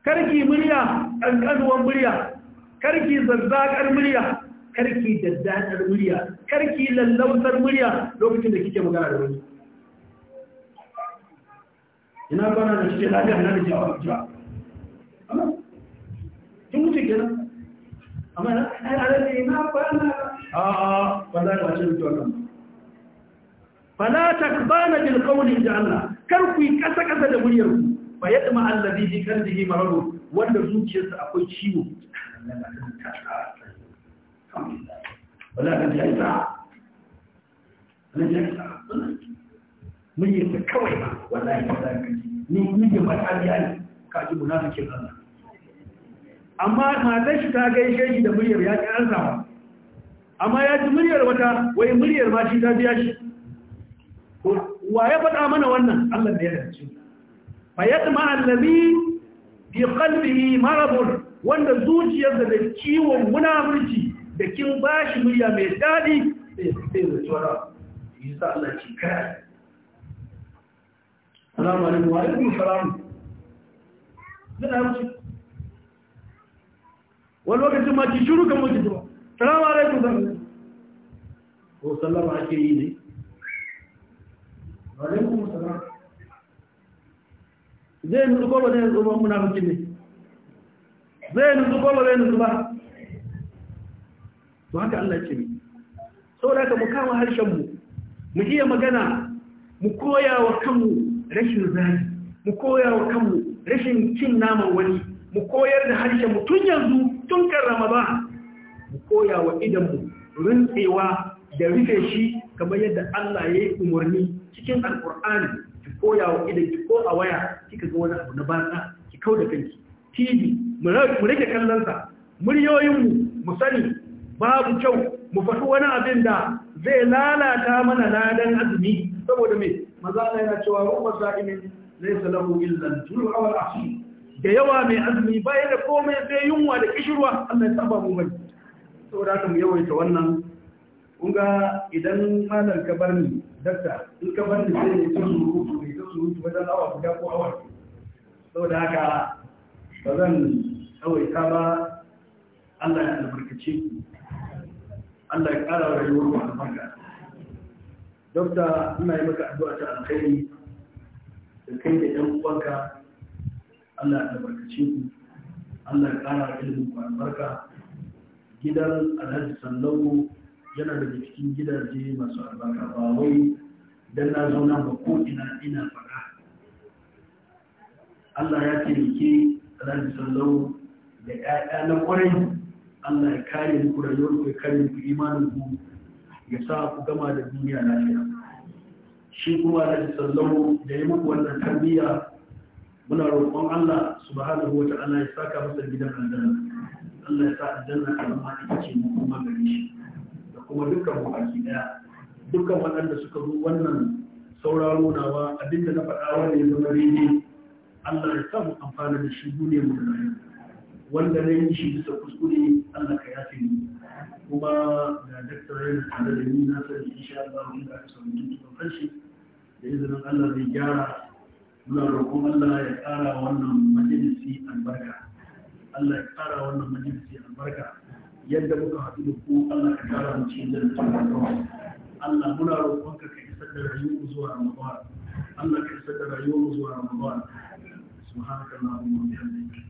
Kar ki murya kankanuwan murya kar ki zazzakar murya karki da dadar murya karki lallautar murya lokacin da kike magana da wani ina kwana da cikin lafiya na da jawa jawa amma kin wuce kenan amma na ƙararra ina kwana a a wanda da wace mutuwa kan fala takbana jin kawunin da Allah kar ku kasa kasa da muryar ku yadda ma'allabi allazi kan qalbihi marad wanda zuciyarsa akwai ciwo wala ba ba mun yi ta kawai ba wallahi ba za ka ji ni ni amma matar shi ta gaishe shi da muryar ya ƙi an amma ya ji muryar wata wai muryar ma shi ta biya shi wa ya faɗa mana wannan Allah da ya dace fa yatma allazi bi qalbihi maradun wanda zuciyar da ciwon munafurci da kin ba shi murya mai daɗi sai da yi sa Allah ce kai salamu alaikum wa salamu zai na wani lokacin ma ki shuru kan wuce zuwa salamu alaikum zan ko sallama ake yi ne alaikum salam zai nutsu ko ba zai ne ba muna mutum ne zai nutsu ko ne zai ba to haka Allah ya ce ne saboda ka mu kama harshen mu mu iya magana mu koya wa kanmu rashin zaki mu koya wa kanmu rashin cin naman wani mu koyar da harshen mu tun yanzu tun kan Ramadan mu koya wa idan mu rintsewa da rufe shi kamar yadda Allah ya yi umarni cikin alkur'ani ki koya wa idan ki ko a waya kika ga wani abu na banza ki kau da kanki tv mu rage kallon sa muryoyin mu mu sani babu kyau mu faɗi wani abin da zai lalata mana ladan azumi saboda mai maza yana cewa ruwa sa'imin zai salamu illan tulu awal ashi da yawa mai azumi bayan da komai sai yunwa da kishirwa Allah ya saba mu bai saboda haka mu yawaita wannan kun ga idan malam ka bar ni dakta in ka bar ni sai ne ta surutu ne ta surutu wajen awa guda ko awa saboda haka ba zan tsawaita ba Allah ya albarkace ku Allah ya ƙara rayuwar mu albarka dokta ina yi maka addu'a ta alkhairi da kai da ɗan uwanka Allah ya albarkace ku Allah ya ƙara ilimin ku albarka gidan Alhaji Sallau yana da cikin gidaje masu albarka ba wai dan na zauna ba ko ina ina faɗa Allah ya taimake Alhaji Sallau da ƴaƴa na ƙwarai Allah ya kare muku rayuwar ku ya kare muku imanin ku ya sa ku gama da duniya lafiya shi kuma da sallahu da ya muku wannan tarbiyya muna roƙon Allah subhanahu wa ta'ala ya saka masa gidan aljanna Allah ya sa aljanna ta zama ita ke mu kuma gare shi da kuma dukkan mu baki daya dukkan waɗanda suka zo wannan sauraro nawa abinda na faɗa wanda ya zama Allah ya sa mu amfana da shi duniya mu da rayuwa wanda na yi shi bisa kuskure Allah ka yafe ni kuma da daktar yana tare da ni na sani insha Allah mun ga samu tuntuban kanshi da izinin Allah zai gyara muna roƙon Allah ya ƙara wannan majalisi albarka Allah ya ƙara wannan majalisi albarka yadda muka haɗu da ku Allah ka ƙara mu cikin jannatin Allah muna roƙon ka ka isar da rayuwar zuwa Ramadan Allah ka isar da rayuwar zuwa Ramadan subhanaka Allahumma wa bihamdika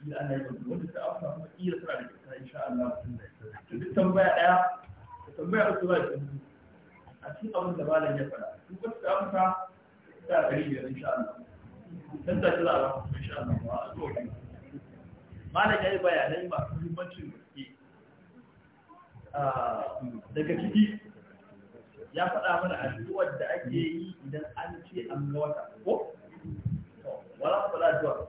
kila ana yi wanda wanda ta amsa kuma suna da kyauta insha Allah mutum da ita duk tambaya ɗaya da tambaya ba ta a cikin abin da malam ya faɗa duk wanda ta amsa ta ɗari biyar insha Allah dan ta insha Allah ba a so ne malam ya yi bayanai masu muhimmancin gaske ah, daga ciki ya faɗa mana addu'ar da ake yi idan an ce an ga wata ko wala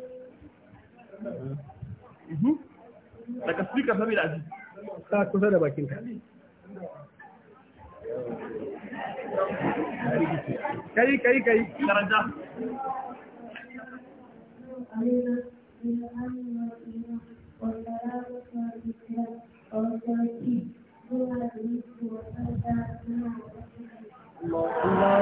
daga speaker saboda aji ta kusa da bakinka kai kai kai karanta الله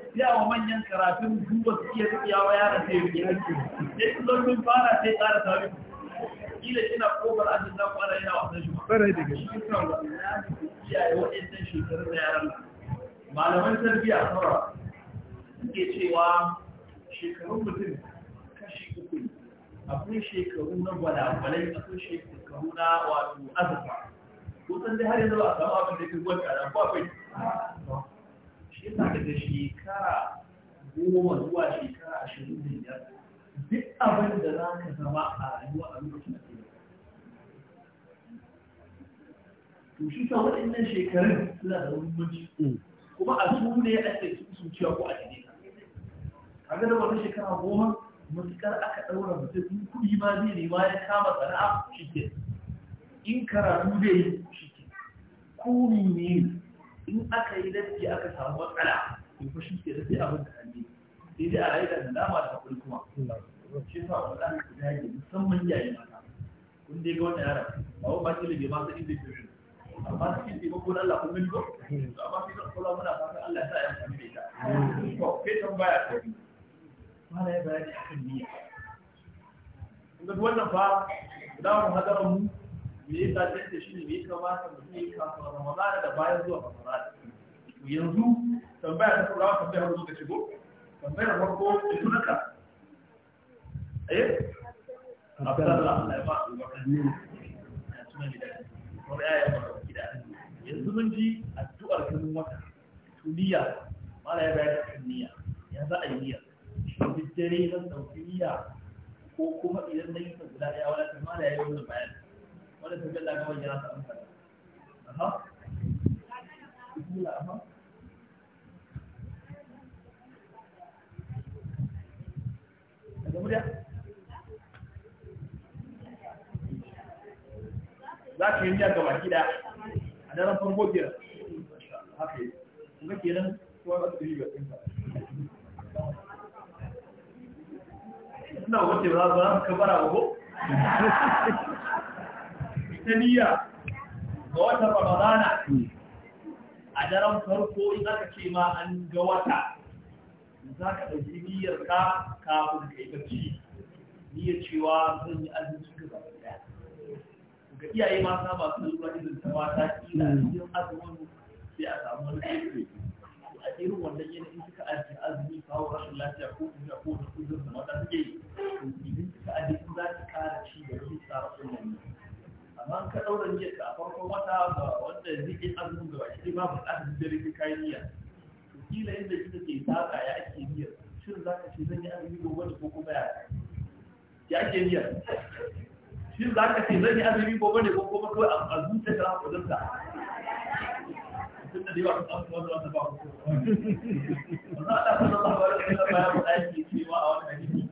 biya wa manyan karafin duba su iya rikiya wa yara ta yi rikiya ce sai su zo sun fara sai tsara sami kila shi na kofar ajin za ku ana yana wasan shi ba da gaske shi kan wannan iyaye waɗannan shekarun na yaran malaman tarbiyya saura suke cewa shekarun mutum kashi uku akwai shekaru na gwalagwalai akwai shekaru na wato Ko san dai har yanzu ba a samu abin da ke gwanta da kwakwai shi daga shekara goma zuwa shekara ashirin da biyar duk abin da za ka zama a rayuwa a lokacin da ke da to shi sa waɗannan shekarun suna da muhimmanci mm. kuma a su ne ake cewa ko a jini ka ga da wani shekara goma matuƙar aka ɗaura mutum kuɗi ma zai nema ya kama sana'a shi ke in karatu zai yi shi ke kumi ne in aka yi latti aka samu matsala to fa shi ke sai abin da hannu sai dai a rayu da nadama da hakuri kuma shi sa wanda aka fi dage musamman yayi mata kun dai ga wannan yaran ba wa ba kila bai ma san inda ke amma cikin taimakon Allah kun min ko amma sai da kula muna fatan Allah ya sa ya amfani da ita to kai tambaya ta bi mala ya bayani akan niyya kun ga wannan fa da mu hadarin mu me ya da shi ne kamata mutum da bayan zuwa yanzu tambaya ta farko eh? abdallah Allah ya ba a tunan gida kuma ya yi ba gida yanzu mun ji addu'ar kan wata tuniya mala ya bayar da niyya ya za a yi niyya shi dare zan dauki niyya ko kuma idan na yi guda ɗaya wala kamar ya yi wannan wanda sun ga wajen amsa aha bismillah aha daga murya za ka yi miya ga baki da a daren farko kenan haka yi kuma kenan kuma ba su yi ga tsinka suna wuce ba za su kabara ba ko ta niyya ga wata ramadana a daren farko in aka ce ma an ga wata za ka ɗauki niyyar ka kafin ka yi bacci niyyar cewa zan yi azumci ga gaba ɗaya ga iyaye ma sa ba su zuwa irin ta mata kila cikin azumin sai a samu wani ƙarfi a irin wannan yanayin suka ajiye azumi kawo rashin lafiya ko kuma ko da kuzur da mata suke yi idan suka ajiye za ki ƙara ci da su tsara kullum amma ka daura niyyar ka a farkon wata ba wanda zikin azumin gaba shi ba ba ta da rikin kayan niyya to kila inda shi ke saka ya ake niyyar shin za ka ce zan yi azumi gobe ko kuma ya ya ake niyyar shin za ka ce zan yi azumi gobe ne ko kuma kawai a zuciya ta haka wajen ta tun da dai ba ka samu wanda wanda ba ku ba za a ɗafa zama ba da kuma bayan mu ɗaki cewa a wani hadisi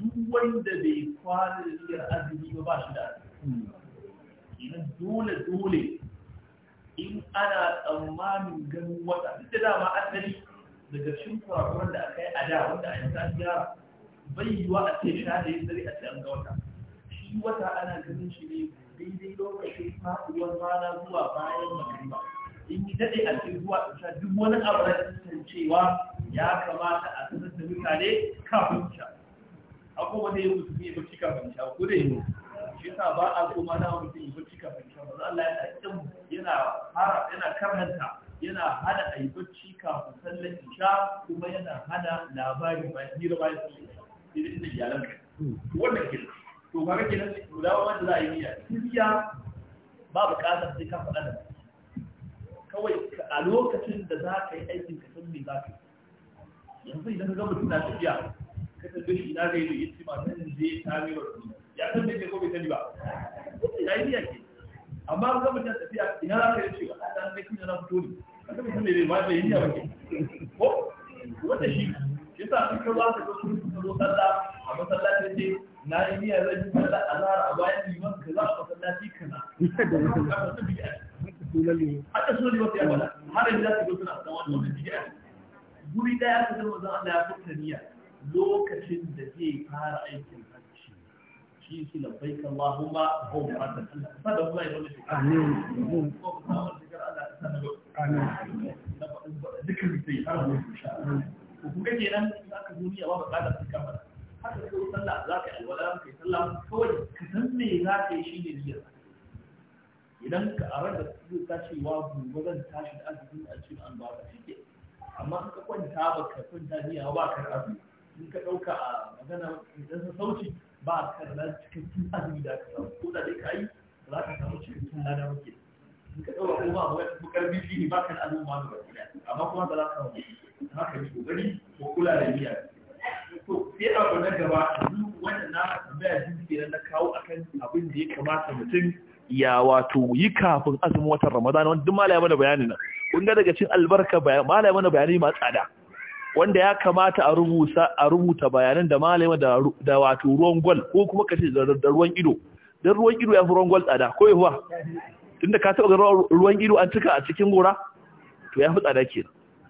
duk wanda bai kwana da niyyar azumi ba ba shi da kenan dole dole in ana tsammanin ganin wata duk da dama asali daga cikin da aka yi a da wanda a yi ta gyara bai wa a ce sha da yin dare a ce an ga wata shi wata ana ganin shi ne daidai lokacin faɗuwar rana zuwa bayan magariba in yi daɗe a ce zuwa sha duk wani abu na cewa ya kamata a sanar da mutane kafin sha akwai wanda ya mutu ne ba shi kafin sha ko da yi yasa ba a koma ma da mutum yi bacci kafin shan ruwa Allah yana kin yana fara yana karanta yana hana a yi bacci kafin sallar isha kuma yana hana labari bayan hira bayan sallar isha idan da iyalan wannan ke to kaga kenan to da wanda za a yi niyya niyya ba buƙatar sai ka faɗa da kawai a lokacin da za ka yi aikin ka san me za ka yi yanzu idan ka ga mutum na tafiya ka tafi shi na ga yi ya ci ma nan zai tare wa duniya ya san da ke ko bai sani ba ya yi niyya ke amma an gama ta tafiya ina za ka yi cewa a ɗan kai kuma na fito ne a gama sun ne ba da yi niyya ba ke ko wata shi shi sa sun kawo aka zo sun zo sallah a masallaci ce na yi niyya zai yi sallah a zara a bayan liman ka za a masallaci kana haka sun bi haka sun ne wata yawa har yanzu za su zo suna da wani wani bidiya guri ɗaya ta zama zan Allah ya fita niyya lokacin da zai fara aikin shi su labbaik Allahumma hum ba ta da kuma yau da amin amin dukkan sai har mu insha Allah ku ga kenan in aka duniya ba bukatar su kamar haka ko sallah za ka yi alwala ka yi sallah kawai ka san me za ka yi shine niyyar idan ka arar da su ta ce wa gobe zan tashi da arzikin da cikin an ba ka shike amma ka kwanta ba ka kwanta niyya ba ka da azumi in ka ɗauka a magana idan sa sauci ba ka da cikakken azumi da aka samu ko da dai ka yi za ka samu cikakken lada muke in ka tsawo ko ba wani bukarbi shi ne ba ka da azumi ma da wani amma kuma ba za ka samu na ka yi kokari ko kula da niyya to sai abu na gaba duk wanda na tambaya jinsi na kawo akan abin da ya kamata mutum ya wato yi kafin azumin watan Ramadana wanda duk malaya mana bayani nan kun ga daga cikin albarka malaya mana bayani ma tsada wanda ya kamata a rubuta a rubuta bayanan da malama da da wato ruwan gwal ko kuma kace da ruwan ido dan ruwan ido ya fi ruwan gwal tsada ko yawa tunda ka taba ruwan ido an cika a cikin gora to ya fi tsada ke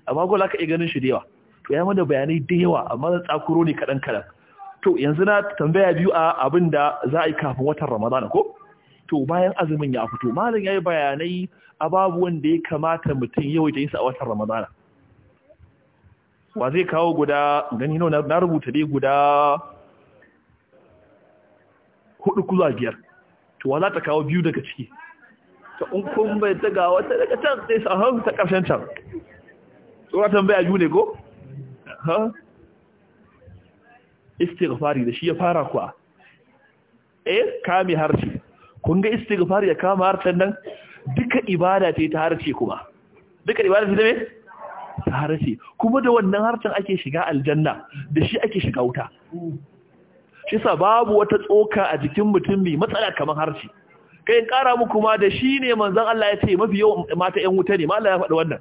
amma gwal aka iya ganin shi da yawa to ya mana bayanai da yawa amma zan tsakuro ne kadan kadan to yanzu na tambaya biyu a abin da za a yi kafin watan Ramadan ko to bayan azumin ya fito malam yi bayanai a babu wanda ya kamata mutum yawaita yin sa a watan Ramadana. wa zai kawo guda gani no na rubuta dai guda hudu kula biyar to wa za ta kawo biyu daga ciki ta unkun bai ta ga wata daga can sai sa hau ta karshen can tsoratan bai biyu ne ko? ha? istighfari da shi ya fara kuwa eh kame harshe kun ga istighfari ya kama harshen nan duka ibada ce ta harshe kuma duka ibada ce ta me? masu harshe kuma da wannan harshen ake shiga aljanna da shi ake shiga wuta shi sa babu wata tsoka a jikin mutum mai matsala kamar harshe kayan kara muku ma da shi ne manzan Allah ya ce mafi yawan mata ƴan wuta ne ma Allah ya faɗi wannan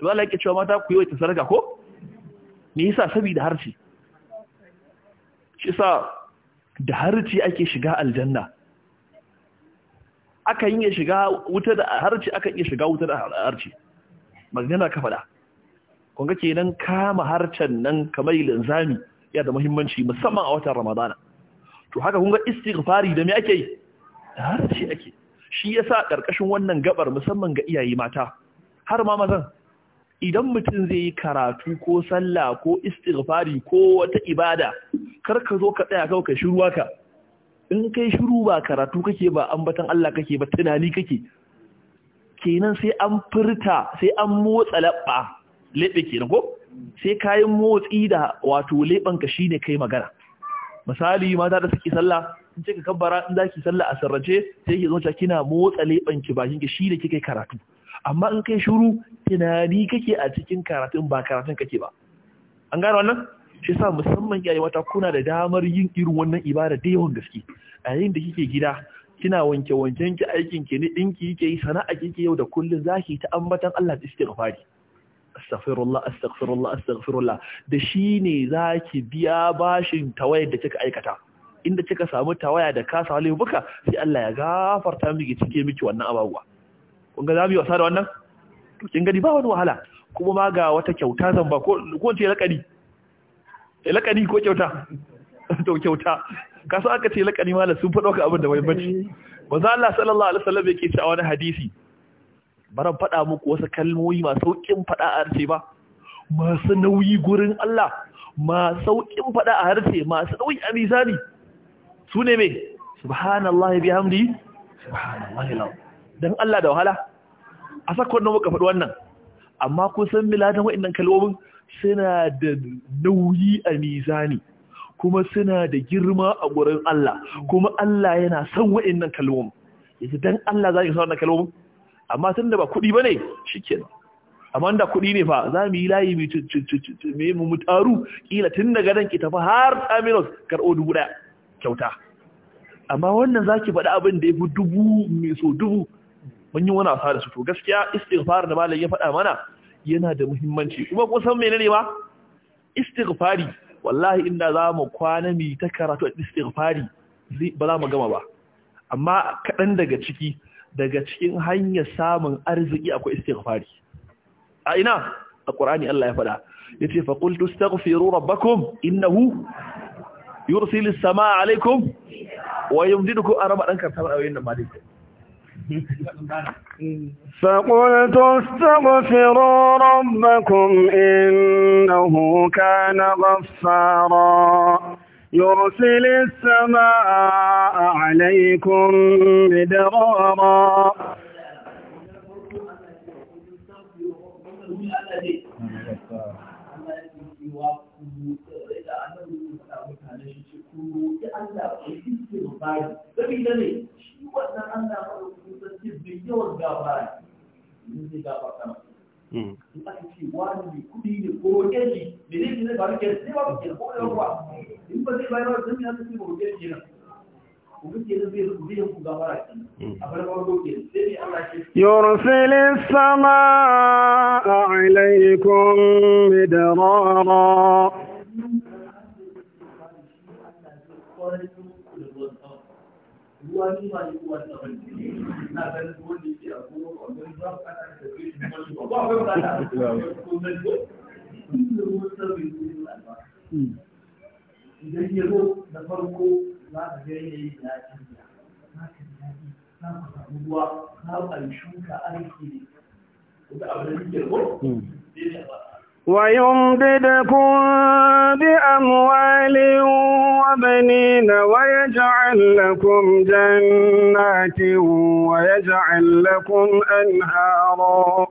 to Allah yake cewa mata ku yi ta sarka ko me yasa saboda harshe shi sa da harshe ake shiga aljanna aka yin ya shiga wuta da harshe aka iya shiga wuta da harshe magana ka faɗa Kunga kenan kama harcen nan kamar linzami ya da muhimmanci musamman a watan ramadana to haka kunga istighfari da me ake yi ake shi yasa karkashin wannan gabar musamman ga iyaye mata har ma mazan idan mutum zai yi karatu ko sallah ko istighfari ko wata ibada kar ka zo ka tsaya kawai ka shiru ka in kai shiru ba karatu kake ba ambatan Allah kake ba tunani kake kenan sai an furta sai an motsa labba leɓe ke ko sai kayan motsi da wato leɓanka shi ne kai magana misali mata da suke sallah in ce ka kabbara in zaki sallah a sarrace sai ki zonta kina motsa ki bakin ki shi ne kike karatu amma in kai shiru tunani kake a cikin karatun ba karatun kake ba an gane wannan shi sa musamman iyaye mata kuna da damar yin irin wannan ibada da yawan gaske a yayin da kike gida kina wanke wanken ki aikin ki ne dinki kike yi sana'a kike yau da kullun zaki ta ambatan Allah da istighfari astaghfirullah astaghfirullah astaghfirullah da shine zaki biya bashin tawayar da kika aikata inda kika samu tawaya da ka samu laifuka sai Allah ya gafarta miki cike miki wannan abawa kun ga za mu yi wasa da wannan to kin gani ba wani wahala kuma ma ga wata kyauta zan ba ko ko ce lakani eh lakani ko kyauta to kyauta ka aka ce lakani malam sun fado ka abin da bai bace manzo Allah sallallahu alaihi wasallam yake cewa wani hadisi baran faɗa muku wasu kalmomi masu sauƙin faɗa a harshe ba masu nauyi gurin Allah masu sauƙin faɗa a harshe masu nauyi a misali su ne mai subhanallah bi hamdi subhanallah lau don Allah da wahala a sakon nan muka faɗi wannan amma kun san miladan waɗannan kalmomin suna da nauyi a mizani kuma suna da girma a gurin Allah kuma Allah yana son waɗannan kalmomin yanzu don Allah za ki san wannan kalmomin amma tun da ba kuɗi ba ne shi kenan amma da kuɗi ne fa za mu yi layi mu mu taru kila tun daga nan ki tafi har terminus karɓo dubu ɗaya kyauta amma wannan za ki faɗi abin da ya fi dubu mai so dubu mun yi wani asa da su to gaskiya istighfar da malam ya faɗa mana yana da muhimmanci kuma kusan menene ba istighfari wallahi inda za mu kwana mu ta karatu istighfari ba za mu gama ba amma kaɗan daga ciki daga cikin hanyar samun arziki akwai istighfari a ina a ƙur'ani Allah ya faɗa yace fa qultu astaghfiru rabbakum innahu yursilu as-samaa alaykum wa yumdidukum arama dan karta a wayin nan malik فقلت استغفروا ربكم إنه كان غفارا يرسل السماء عليكم مدرارا Sabi da ne, shi waɗannan Allah maɗaukakin sarki mai yawan gabara, yin zai gafarta masa. in aka ce wani ne ko ne ne ba ko da yawa ba ba ne السماء عليكم مدرارا ruwa ni ba ni kuwa ta bane na ganin wanda yake a kuma wannan ba ka ta da shi ba ba ba ba ta ko da ko ruwa ta bi ni ba idan ya zo da farko za ka ga yayi da canja za ka ji za ka samu ruwa ka bai shuka aiki ne ko hmm. da abin da yake ko ne ba ويمددكم بأموال وبنين ويجعل لكم جنات ويجعل لكم أنهارا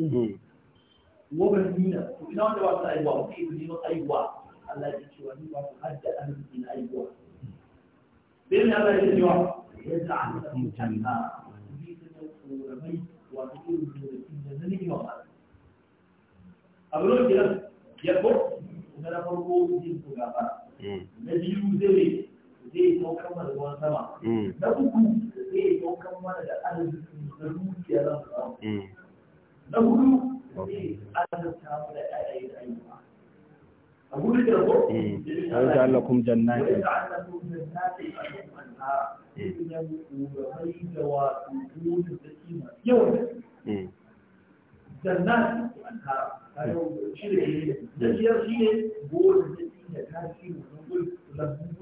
Mm-hmm. wabar nuna ku fi na wanda ba su aiwa ku fi nuna Allah ya ce wa ba su hajji a nan su aiwa. Bai ne Allah ya ce wa ya ta a nan su can na su bi su ne turamai wata irin turamai da na nemi wa ba. Abu ne ke nan ya ko na na farko jin ku gaba. Na biyu zai zai to kama da ruwan sama. Na uku zai to kama da arziki da zuciya za su samu. Eh, na hudu da ɗaya eh, da a hudu eh. da ko an ja da kiyar shi ne da ke da da wani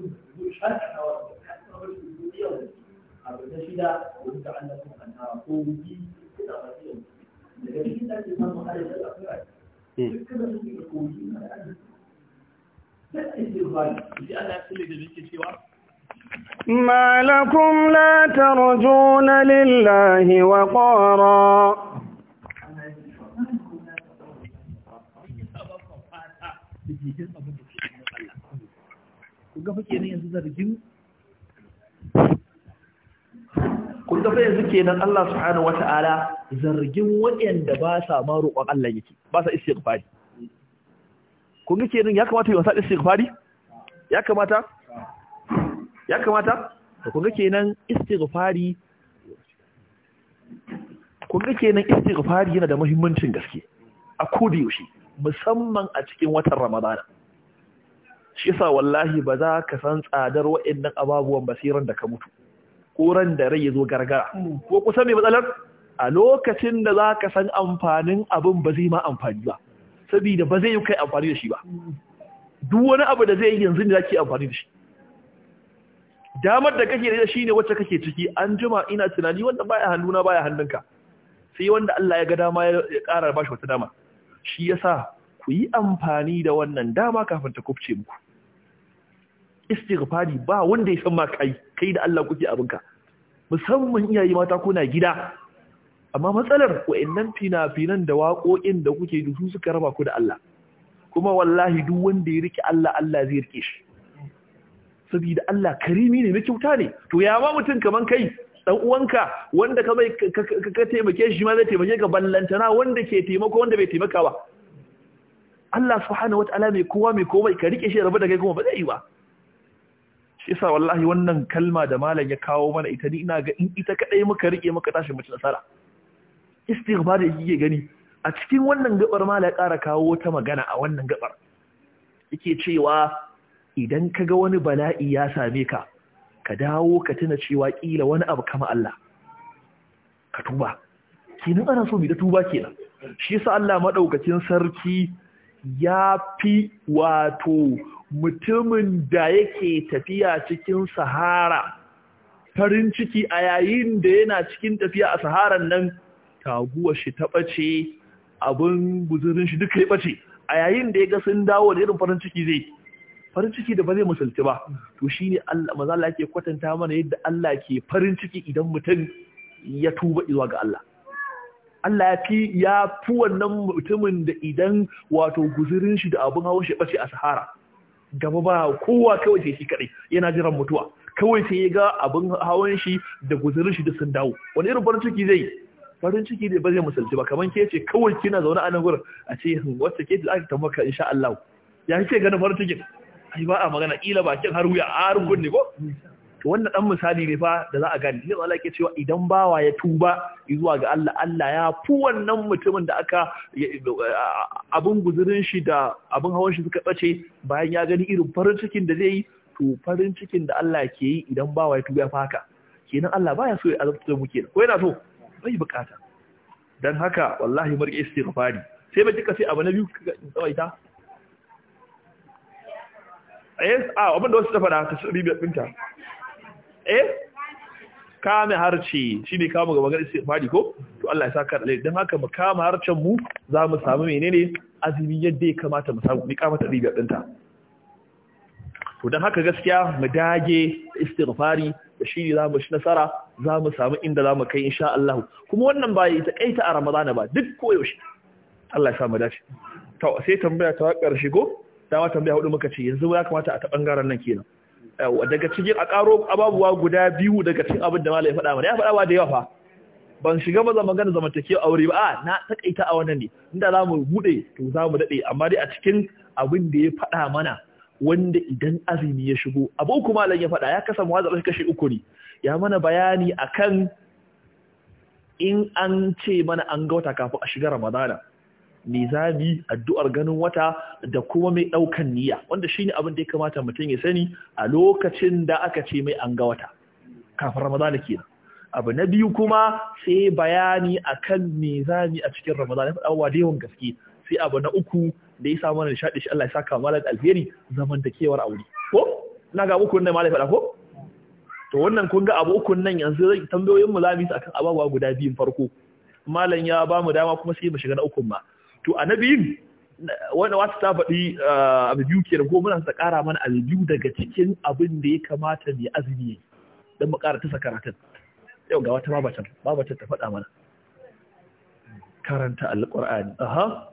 ko wuki da daga cikin ɗakin samun adadin na da ما لكم لا ترجون لله وقارا zargin kun ga yanzu kenan Allah subhanahu wata'ala zargin waɗanda ba sa ma roƙon Allah yake ba sa istighfari kun ga kenan ya kamata yawan sa istighfari ya kamata ya kamata kun ga kenan istighfari kun ga kenan istighfari yana da muhimmancin gaske a kodi yaushe musamman a cikin watan Ramadana shi yasa wallahi ba za ka san tsadar waɗannan ababuwan basiran da ka mutu ƙuran da rai ya zo gargara hmm. ko kusa mai matsalar a lokacin da za ka san amfanin abin ba zai ma amfani ba saboda ba zai yi kai amfani da shi ba hmm. duk wani abu da zai yi yanzu ne za ki amfani da shi damar da kake da shi ne wacce kake ciki an jima ina tunani wanda baya hannuna baya hannunka sai wanda Allah ya ga dama ya ƙara ba shi wata dama shi yasa ku yi amfani da wannan dama kafin ta kufce muku istighfari ba wanda ya san ma kai kai da Allah kuke abinka musamman yi mata kuna gida amma matsalar wa'annan fina-finan da waƙoƙin da kuke da su suka raba ku da Allah kuma wallahi duk wanda ya rike Allah Allah zai rike shi saboda Allah karimi ne mai kyauta ne to ya ma mutum kaman kai dan uwanka wanda ka bai ka taimake shi ma zai taimake ka ballantana wanda ke taimako wanda bai taimaka ba Allah subhanahu wataala mai kowa mai komai ka rike shi rabu da kai kuma ba zai yi ba shi yasa wallahi wannan kalma da malam ya kawo mana ita ni ina ga in ita kadai muka rike muka tashi mu ci nasara istighfar yake yake gani a cikin wannan gabar malam ya ƙara kawo wata magana a wannan gabar yake cewa idan ka ga wani bala'i ya same ka ka dawo ka tuna cewa kila wani abu kama Allah ka tuba kenan ana so mu da tuba kenan shi yasa Allah madaukakin sarki ya fi wato mutumin da yake tafiya cikin sahara farin ciki a yayin da yana cikin tafiya a saharan nan taguwa shi ta ɓace abin buzurin shi duka ya ɓace a yayin da ya ga sun dawo da irin farin ciki zai farin ciki da ba zai musulci ba to shi ne Allah maza Allah ke kwatanta mana yadda Allah ke farin ciki idan mutum ya tuba zuwa ga Allah Allah ya fi ya fi wannan mutumin da idan wato guzurin shi da abin hawa shi ɓace a sahara gaba ba kowa kawai sai shi kadai yana jiran mutuwa kawai sai ya ga abin hawan shi da guzurin shi da sun dawo wani irin farin ciki zai farin ciki da ba zai musulci ba kamar ke ce kawai kina zaune a nan gurin a ce hmm, wacce ke aka tambaka insha Allah ya ce ganin farin cikin ai ba a magana kila bakin har wuya a har ne ko to wannan dan misali ne fa da za a gani yanzu Allah yake cewa idan bawa ya tuba zuwa ga Allah Allah ya fi wannan mutumin da aka abun guzurin shi da abun hawan shi suka bace bayan ya gani irin farin cikin da zai yi to farin cikin da Allah ke yi idan bawa ya tuba fa haka kenan Allah baya so ya azabta da muke ko yana so bai bukata dan haka wallahi mar istighfari sai ba kika sai abu na biyu tsawaita eh ah, a abin da wasu ta fada ta shirbi binta eh kame harce shi ne kama ga maganar istighfari ko to Allah ya saka alai dan haka mu kama harcen mu za mu samu menene azumi yadda ya kamata mu samu mata ribiya dinta to dan haka gaskiya mu dage istighfari da shi ne za mu shi nasara za mu samu inda za mu kai insha Allah kuma wannan ba ya takaita a Ramadana ba duk koyaushe Allah ya sa mu dace to sai tambaya ta karshe go dama tambaya hudu muka ce yanzu ya kamata a ta bangaren nan kenan daga cikin a ƙaro ababuwa guda biyu daga cikin abin da malai faɗa mana ya faɗa ba da yawa fa ban shiga ba zama gana zamantakewa aure ba a na takaita a wannan ne inda za mu buɗe to za mu daɗe amma dai a cikin abin da ya faɗa mana wanda idan azumi ya shigo abu uku malam ya faɗa ya kasa mu wazaba kashi uku ne ya mana bayani akan in an ce mana an ga wata kafin a shiga ramadana nizami addu'ar ganin wata da kuma mai ɗaukan niyya wanda shi ne abin da ya kamata mutum ya sani a lokacin da aka ce mai an ga wata kafin ramadana kenan abu na biyu kuma sai bayani akan nizami a cikin ramadana faɗa wa da yawan gaske sai abu na uku da ya sa mana nishaɗi shi Allah ya saka malar alheri zaman da kewar aure ko na ga uku nan malai faɗa ko to wannan kun ga abu uku nan yanzu zai tambayoyin mu zamu yi akan ababuwa guda biyun farko malam ya ba mu dama kuma sai mu shiga na ukun ma to annabiyin wanda wata ta faɗi ah, abu biyu ke ko muna sa ƙara mana abu biyu daga cikin abin da ya kamata mai azumi yayi don mu ƙara tasa karatun yau ga wata babatan babatan ta faɗa mana karanta Alƙur'ani. aha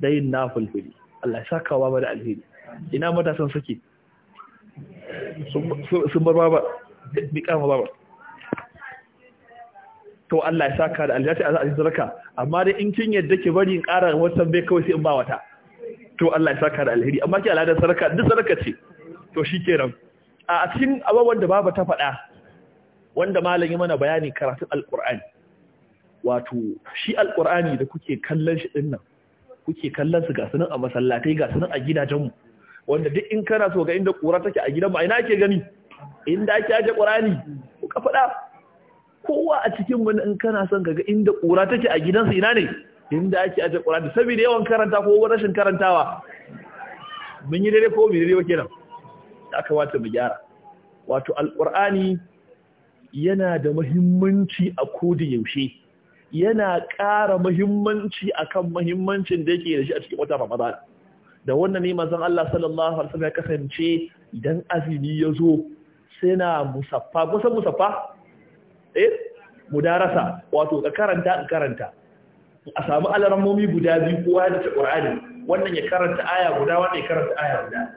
dai na fulfuli Allah ya saka wa da alheri ina matasan suke sun bar babar. bi kama babar. to Allah ya saka da aljati a zai zarka amma dai in kin yadda ke bari in ƙara wasan bai kawai sai in ba wata to Allah ya saka da alheri amma ki al'adar sarka duk sarka ce to shikenan a cikin ababen da baba ta faɗa wanda malami mana bayani karatun alqur'ani wato shi alqur'ani da kuke kallon shi din nan kuke kallon su ga sunan a masallatai ga sunan a gidajenmu wanda duk in kana so ga inda kura take a gidan a ina ake gani inda ake aje ƙurani kuka faɗa kowa a cikin mu in kana son kaga inda kura take a gidansa ina ne inda ake aje kura da saboda yawan karanta ko rashin karantawa mun yi daidai ko mun yi daidai ba kenan ya mu gyara wato alqur'ani yana da muhimmanci a koda yaushe yana ƙara muhimmanci akan muhimmancin da yake da shi a cikin wata Ramadan da wannan ne manzon Allah sallallahu alaihi wasallam ya kasance idan azumi ya zo sai na musaffa ko san musaffa Eh, mudarasa wato ka karanta in karanta a samu alarammomi guda biyu kowa da ta ƙur'ani wannan ya karanta aya guda wannan ya karanta aya guda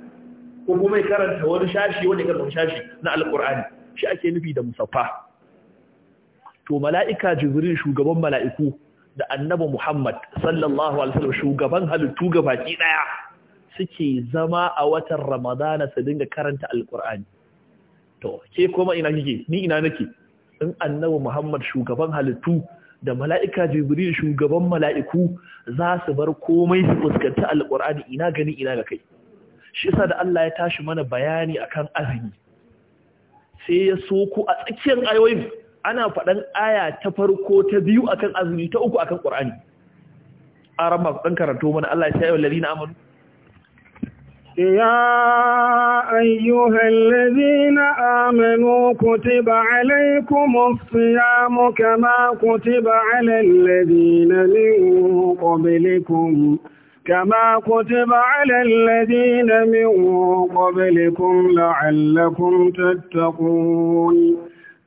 ko kuma ya karanta wani shashi wani karanta shashi na alƙur'ani shi ake nufi da musaffa to mala'ika jibril shugaban mala'iku da annabi muhammad sallallahu alaihi wasallam shugaban halittu baki daya suke zama a watan ramadana su dinga karanta alƙur'ani to ke kuma ina kike ni ina nake in annabi Muhammad shugaban halittu da mala'ika Jibril shugaban mala'iku za su bar komai su fuskanta alƙur'ani ina gani ina ga kai shi yasa da Allah ya tashi mana bayani akan azumi sai ya soku a tsakiyar ayoyin ana faɗan aya ta farko ta biyu akan azumi ta uku akan ƙur'ani a ramar ɗan karanto mana Allah ya sayi wa lalina amanu يا أيها الذين آمنوا كتب عليكم الصيام كما كتب على الذين من قبلكم كما كتب على الذين من قبلكم لعلكم تتقون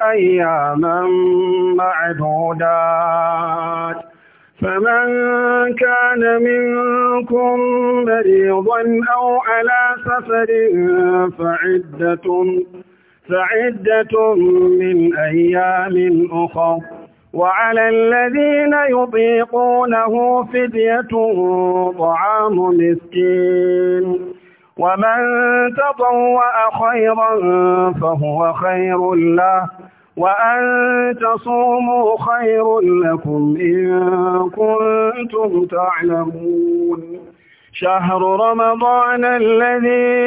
أياما معدودات فمن كان منكم مريضا أو على سفر فعدة, فعدة من أيام أخر وعلى الذين يطيقونه فدية طعام مسكين ومن تطوأ خيرا فهو خير له وأن تصوموا خير لكم إن كنتم تعلمون شهر رمضان الذي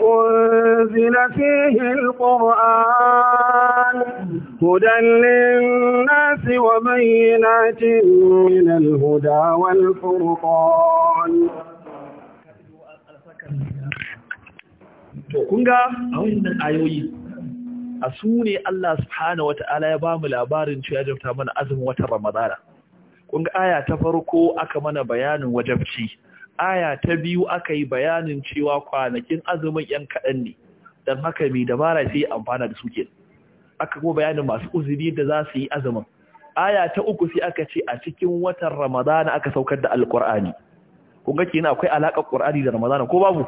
أنزل فيه القرآن هدى للناس وبينات من الهدى والفرقان To, kun a su ne Allah subhanahu wata'ala ya ba mu labarin cewa ya mana azumin watan Ramadana kun ga aya ta farko aka mana bayanin wajabci aya ta biyu aka yi bayanin cewa kwanakin azumin yan kaɗan ne don haka mai dabara sai amfana da suke aka kuma bayanin masu uzuri da za su yi azumin aya ta uku sai aka ce a cikin watan Ramadana aka saukar da alkur'ani kun ga kenan akwai alaƙar qur'ani da Ramadana ko babu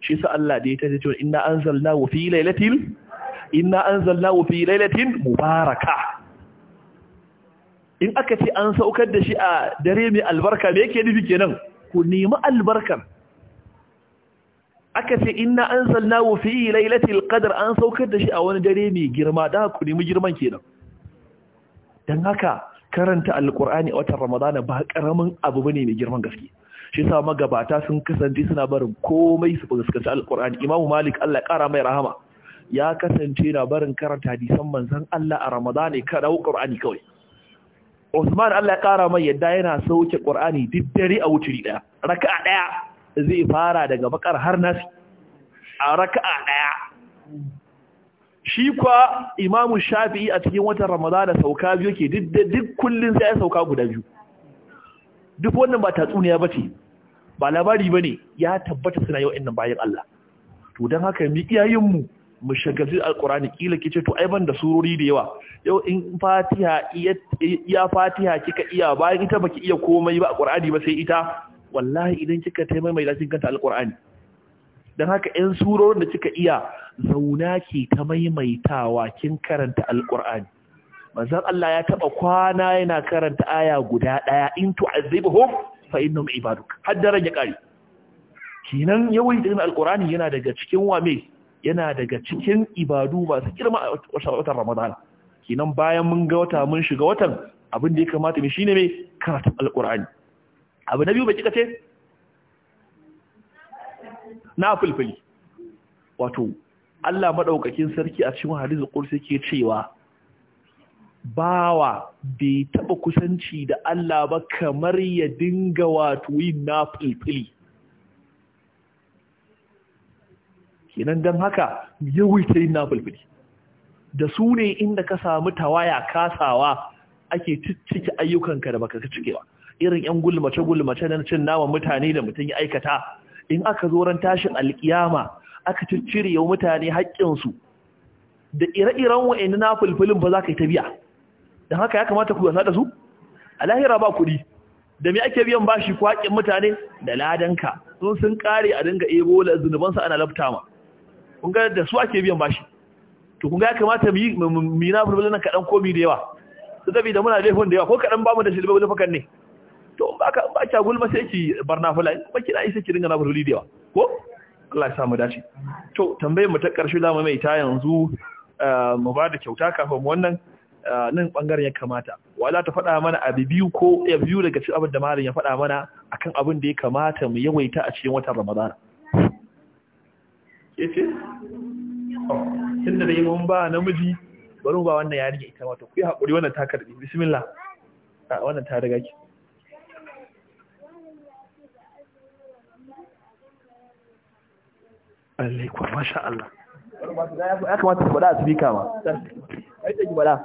shi sa Allah da ya tace cewa inna anzalnahu fi lailatil inna anzalnahu fi lailatin mubaraka in aka ce an saukar da shi a dare mai albarka me yake nufi kenan ku nemi albarkan aka ce inna anzalnahu fi lailatil qadr an saukar da shi a wani dare mai girma da ku nemi girman kenan dan haka karanta alqur'ani a watan ramadana ba karamin abu bane mai girman gaske shi yasa magabata sun kasance suna barin komai su fuskanci alqur'ani imamu malik Allah ya kara mai rahama ya kasance na barin karanta hadisan manzon Allah a Ramadan ka dawo Qur'ani kawai Usman Allah ya kara mai yadda yana sauke Qur'ani duk dare a wuturi daya raka'a daya zai fara daga bakar har nasi a raka'a daya shi kwa Imam Shafi'i a cikin watan Ramadan sauka biyu ke duk kullun sai ya sauka guda biyu duk wannan ba tatsuniya bace ba labari bane ya tabbata suna yau innan bayan Allah to don haka mu mu alƙur'ani. alkurani kila kice to ai ban da surori da yawa yau in fatiha iya fatiha kika iya bayan ita baki iya komai ba alkurani ba sai ita wallahi idan kika taimai mai lafin kanta alkurani dan haka yan surorin da kika iya zauna ki ta maimaitawa kin karanta alkurani manzon Allah ya taba kwana yana karanta aya guda ɗaya. in tu'azibhum fa innahum ya kare kinan alkurani yana daga cikin wa yana daga cikin ibadu masu girma a watan Ramadan Kinan bayan mun ga wata mun shiga watan abin da ya kamata mu shine mai karatun alqur'ani abu na biyu ba kika ce na fulfuli wato Allah madaukakin sarki a cikin hadisi sai ke cewa bawa bai taba kusanci da Allah ba kamar ya dinga wato yin na fulfuli kenan don haka yawaita yin nafulfuli da su ne inda ka samu tawaya kasawa ake ciccike ayyukanka da baka cikewa irin yan gulmace gulmace na cin naman mutane da mutum ya aikata in aka zo ran tashin alkiyama aka ciccire yau mutane haƙƙinsu da ire-iren wa'annan nafulfulin ba za ka yi ta don haka ya kamata ku wasa da su a lahira ba kuɗi da me ake biyan bashi kwakin mutane da ladanka sun sun ƙare a dinga Ebola, zunubansa ana laftama Kunga ga da su ake biyan bashi to kun ya kamata mu yi mina yi nan kadan komi da yawa su dabi da muna laifin da yawa ko kadan bamu da shi bulbul fakan ne to in ba ka ba ka gulma sai ki barna fula in ba kina isa ki dinga na bulbul da yawa ko Allah ya samu dace to tambayar mu ta karshe zamu mai ta yanzu eh, mu ba da kyauta kafin wannan eh, nan bangaren ya kamata wala ta faɗa mana abu biyu ko ya eh, biyu daga cikin abin da malam ya faɗa mana akan abin da ya kamata mu yawaita a cikin watan Ramadana ya ce oh, tun da dai mun ba namiji bari ba wannan ya rike ita wato ku yi haƙuri wannan ta karɓi bismillah a wannan ta riga ki Allah kuwa masha Allah ya kamata ku faɗa a sifika ma yi take faɗa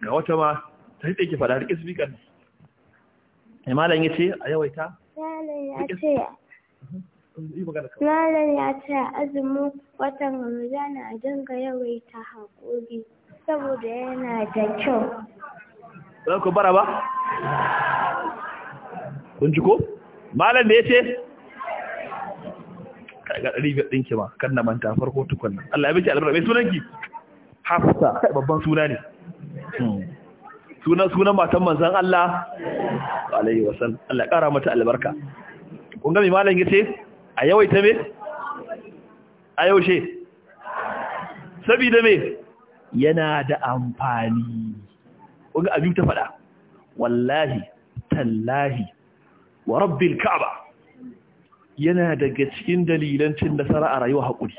ga wata ma ta take faɗa rike sifikan ne malam yace a yawaita malam ya ce Malam ya ce azumin watan Ramadana a dinga yawaita haƙuri saboda yana da kyau. ku bara ba? Kun ji ko? Malam da ya ce? ɗari biyar ɗinki ma, kan na manta farko tukun nan. Allah ya albarka. Mai Hafsa, babban suna ne. Hmm. Sunan sunan matan manzan Allah, alaihi wasan, Allah ya ƙara mata albarka. Kun gami malam ya ce? a yawaita me a yaushe sabida me yana da amfani Wani abin ta faɗa wallahi tallahi wa rabbil ka'aba yana daga cikin dalilan cin nasara a rayuwa haƙuri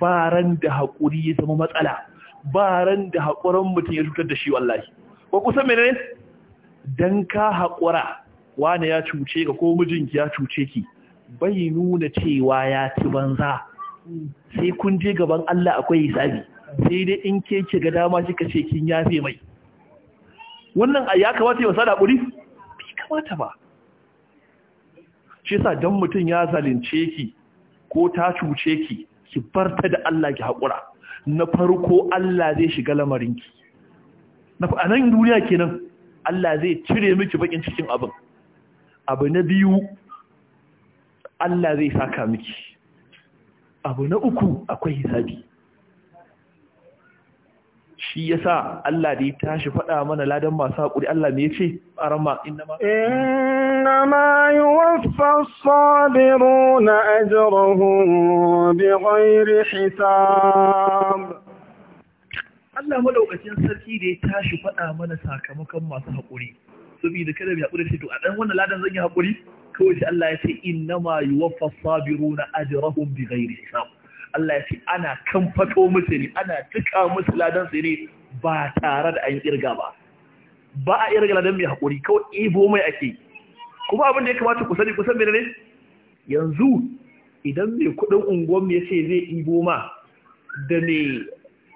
baran da haƙuri ya zama matsala baran da haƙuran mutum ya cutar da shi wallahi ko kusan nanis dan ka haƙura wani ya cuce ka ko mijinki ya cuce ki bai nuna cewa ya ci banza sai kun je gaban Allah akwai hisabi sai dai in ke ki ga dama kika ce kin yafe mai wannan ya kamata ya wasa da bai kamata ba shi yasa dan mutum ya zalunce ki ko ta cuce ki ki barta da Allah ki hakura na farko Allah zai shiga lamarin ki. Na anan duniya kenan Allah zai cire miki bakin cikin abin abu na biyu Allah zai saka miki abu na uku akwai hisabi shi ya sa Allah da ya tashi faɗa mana ladan masu haƙuri Allah ma ce? Inna me yace arama innama innama yuwaffas sabiruna ajruhum bighairi hisab Allah madaukakin sarki da ya tashi faɗa mana sakamakon masu haƙuri saboda kada bai haƙuri sai to a dan wannan ladan zan yi haƙuri kawai sai Allah ya ce innama yuwaffa sabiruna ajrahum bighairi hisab Allah ya ce ana kan fato musu ne ana tuka musu ladan su ne ba tare da an kirga ba ba a irga ladan mai haƙuri kawai ibo mai ake kuma abin da ya kamata ku sani kusan menene yanzu idan mai kuɗin unguwan ya ce zai ibo ma da mai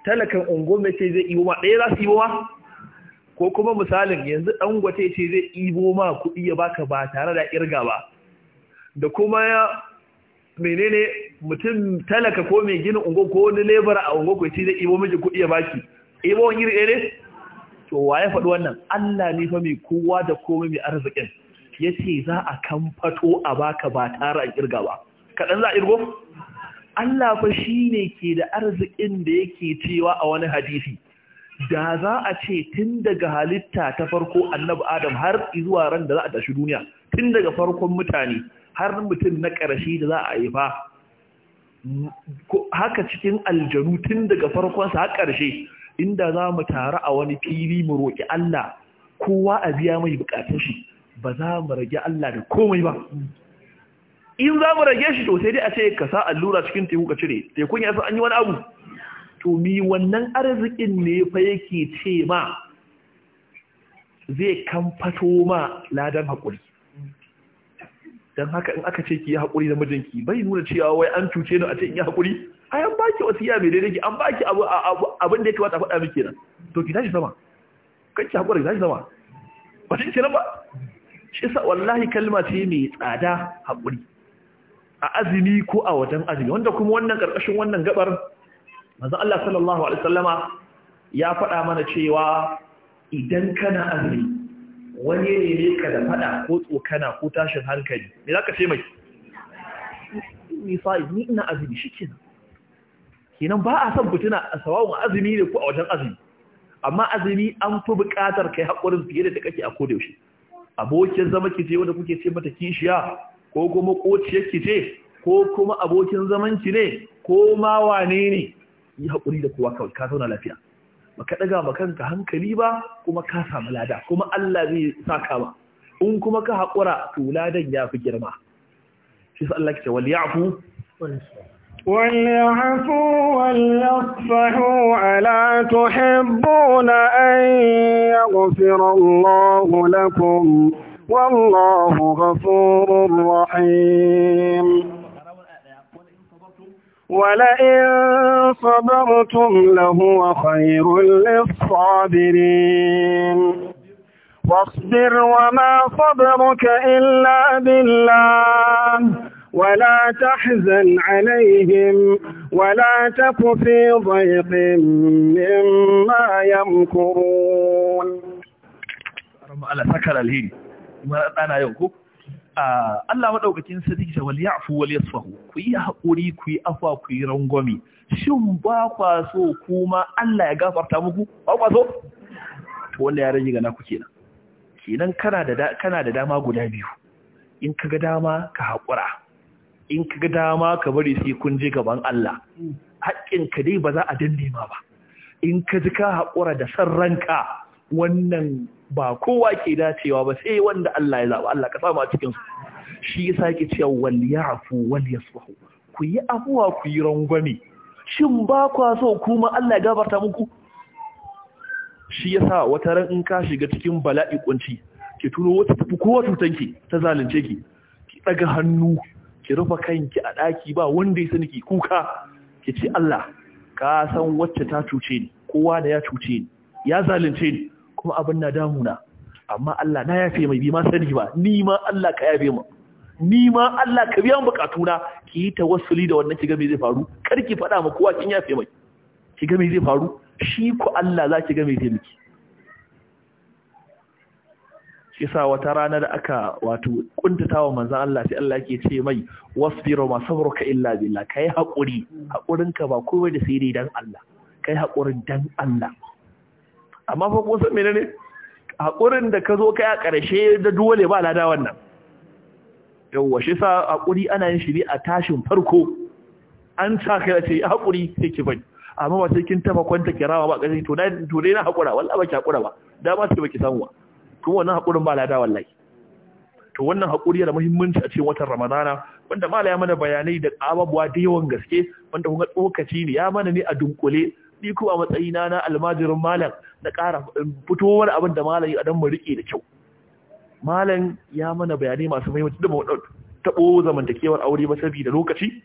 talakan unguwan ya ce zai ibo ma ɗaya za su ibo ma ko kuma misalin yanzu dangote ce zai ibo ma kuɗi ya baka ba tare da kirga ba da kuma ya menene mutum talaka ko mai gina ungo ko wani lebara a ungo ko ce zai ibo miji kuɗi ya baki ibo wani iri ne to wa ya faɗi wannan Allah ne fa mai kowa da komai mai arzikin ya ce za a kamfato a baka ba tare a kirga ba kaɗan za a irgo Allah fa shi ne ke da arzikin da yake cewa a wani hadisi da za a ce tun daga halitta ta farko annabi adam har zuwa ran da za a tashi duniya tun daga farkon mutane har mutum na ƙarshe da za a fa, haka cikin aljanu tun daga farkonsa har ƙarshe inda za mu taru a wani fili mu roƙi Allah kowa a biya mai buƙatar shi ba za mu rage Allah da komai ba in za mu rage shi to sai dai a ce ka sa allura cikin teku ka cire tekun ya san an yi wani abu to mi wannan arzikin ne fa yake ce ma zai kamfato ma ladan haƙuri don haka in aka ce ki yi haƙuri da mijinki bai nuna cewa wai an cuce ni a ce in yi haƙuri ai an baki wasiya mai daidai ki an baki abu abin da ya kamata faɗa miki nan to ki tashi sama kan ki haƙuri tashi sama ba ta ce nan ba shi sa wallahi kalma ce mai tsada haƙuri a azumi ko a wajen azumi wanda kuma wannan ƙarƙashin wannan gabar Maza Allah sallallahu alaihi wasallama ya faɗa mana cewa idan kana azumi wani ne ne ka da faɗa ko tsokana ko tashin hankali me za ka ce mai ni sa'i, ni ina azumi shikenan kenan ba a san fituna a sawawun azumi ne ko a wajen azumi amma azumi an fi buƙatar kai haƙurin fiye da kake a koda yaushe abokin zama ki ce wanda kuke ce mata kishiya ko kuma ƙociyar ki ce ko kuma abokin zaman ki ne ko ma wane ne yi haƙuri da kowa kawai ka zauna lafiya baka ɗaga ba kanka hankali ba kuma ka samu lada kuma Allah zai saka ba in kuma ka haƙura to ladan ya fi girma shi sa Allah ke wal ya'fu wal ya'fu wal yasfahu ala tuhibbuna an yaghfira Allah lakum wallahu ghafurur rahim ولئن صبرتم لهو خير للصابرين واصبر وما صبرك إلا بالله ولا تحزن عليهم ولا تك في ضيق مما يمكرون. ألا سكر alheri, kuma ɗana Ah, Allah maɗaukakin sadiki ta wal ya'fu wal yasfahu ku yi haƙuri ku yi afa, ku yi rangwame shin ba kwa so kuma Allah ya gafarta muku ba kwa so to wanda ya rage gana ku kenan kenan kana da kana da dama guda biyu in kaga dama ka haƙura in kaga dama ka bari sai kun je gaban Allah haƙƙin ka dai ba za a dande ma ba in ka ji ka haƙura da san ranka wannan ba kowa ke dacewa ba sai wanda Allah ya zaɓa Allah ka samu a cikinsu. su shi ya sake cewa wal wani ya suhu ku yi afuwa ku yi rangwame shin ba kwa so kuma Allah ya gabata muku shi ya sa wata ran in ka shiga cikin bala'i kunci ki tuno wata tafi kowa tutanki ta zalunce ki ki daga hannu ki rufa kanki a daki ba wanda ya sani ki kuka ki ce Allah ka san wacce ta cuce ni kowa da ya cuce ni ya zalunce ni kuma abin na damuna amma Allah na yafe mai bi ma sani ba ni ma Allah ka yafe mu ni ma Allah ka biya mu na, ki yi tawassuli da wannan kiga me zai faru kar ki faɗa ma kowa kin yafe mai kiga me zai faru shi ku Allah za ki ga me zai miki shi sa wata rana da aka wato kuntatawa manzon Allah sai Allah yake ce mai wasbiru ma sabruka illa billah kai hakuri hakurinka ba komai da sai dai dan Allah kai hakurin dan Allah amma fa kun san menene hakurin da ka zo kai a ƙarshe da dole ba lada wannan yawwa shi sa hakuri ana yin shiri a tashin farko an ta kai ce hakuri sai ki amma ba sai kin taba kwanta kirawa ba kace to dai to dai na hakura wallahi ba ki hakura ba da ba sai baki samu ba to wannan hakurin ba lada wallahi to wannan hakuri da muhimmanci a cikin watan Ramadana wanda mala ya mana bayanai da ababuwa da yawan gaske wanda kuma tsokaci ne ya mana ne a dunkule ni kuma a matsayina na almajirin malam na ƙara fito wani abin da malam ya dan mu rike da kyau malam ya mana bayani masu muhimmanci da mu tabo zamantakewar aure ba saboda lokaci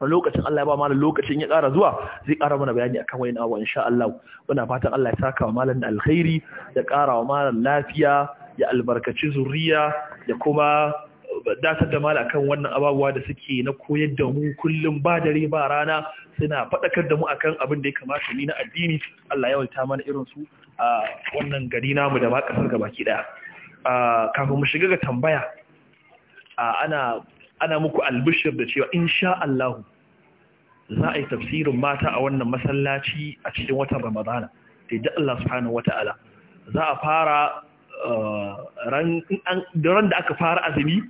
a lokacin Allah ya ba malam lokacin ya ƙara zuwa zai ƙara mana bayani akan wani abu insha Allah muna fatan Allah ya saka wa malam alkhairi ya ƙara wa malam lafiya ya albarkaci zuriya ya kuma dasar da mala akan wannan ababuwa da suke na koyar da mu kullum ba dare ba rana suna faɗakar da mu akan abin da ya kamata ni na addini Allah ya wanta mana irin su a wannan gari namu da ma kasar ga baki daya kafin mu shiga ga tambaya ana ana muku albishir da cewa insha Allah za a yi tafsirin mata a wannan masallaci a cikin watan Ramadana da yadda Allah subhanahu wata'ala za a fara ran da aka fara azumi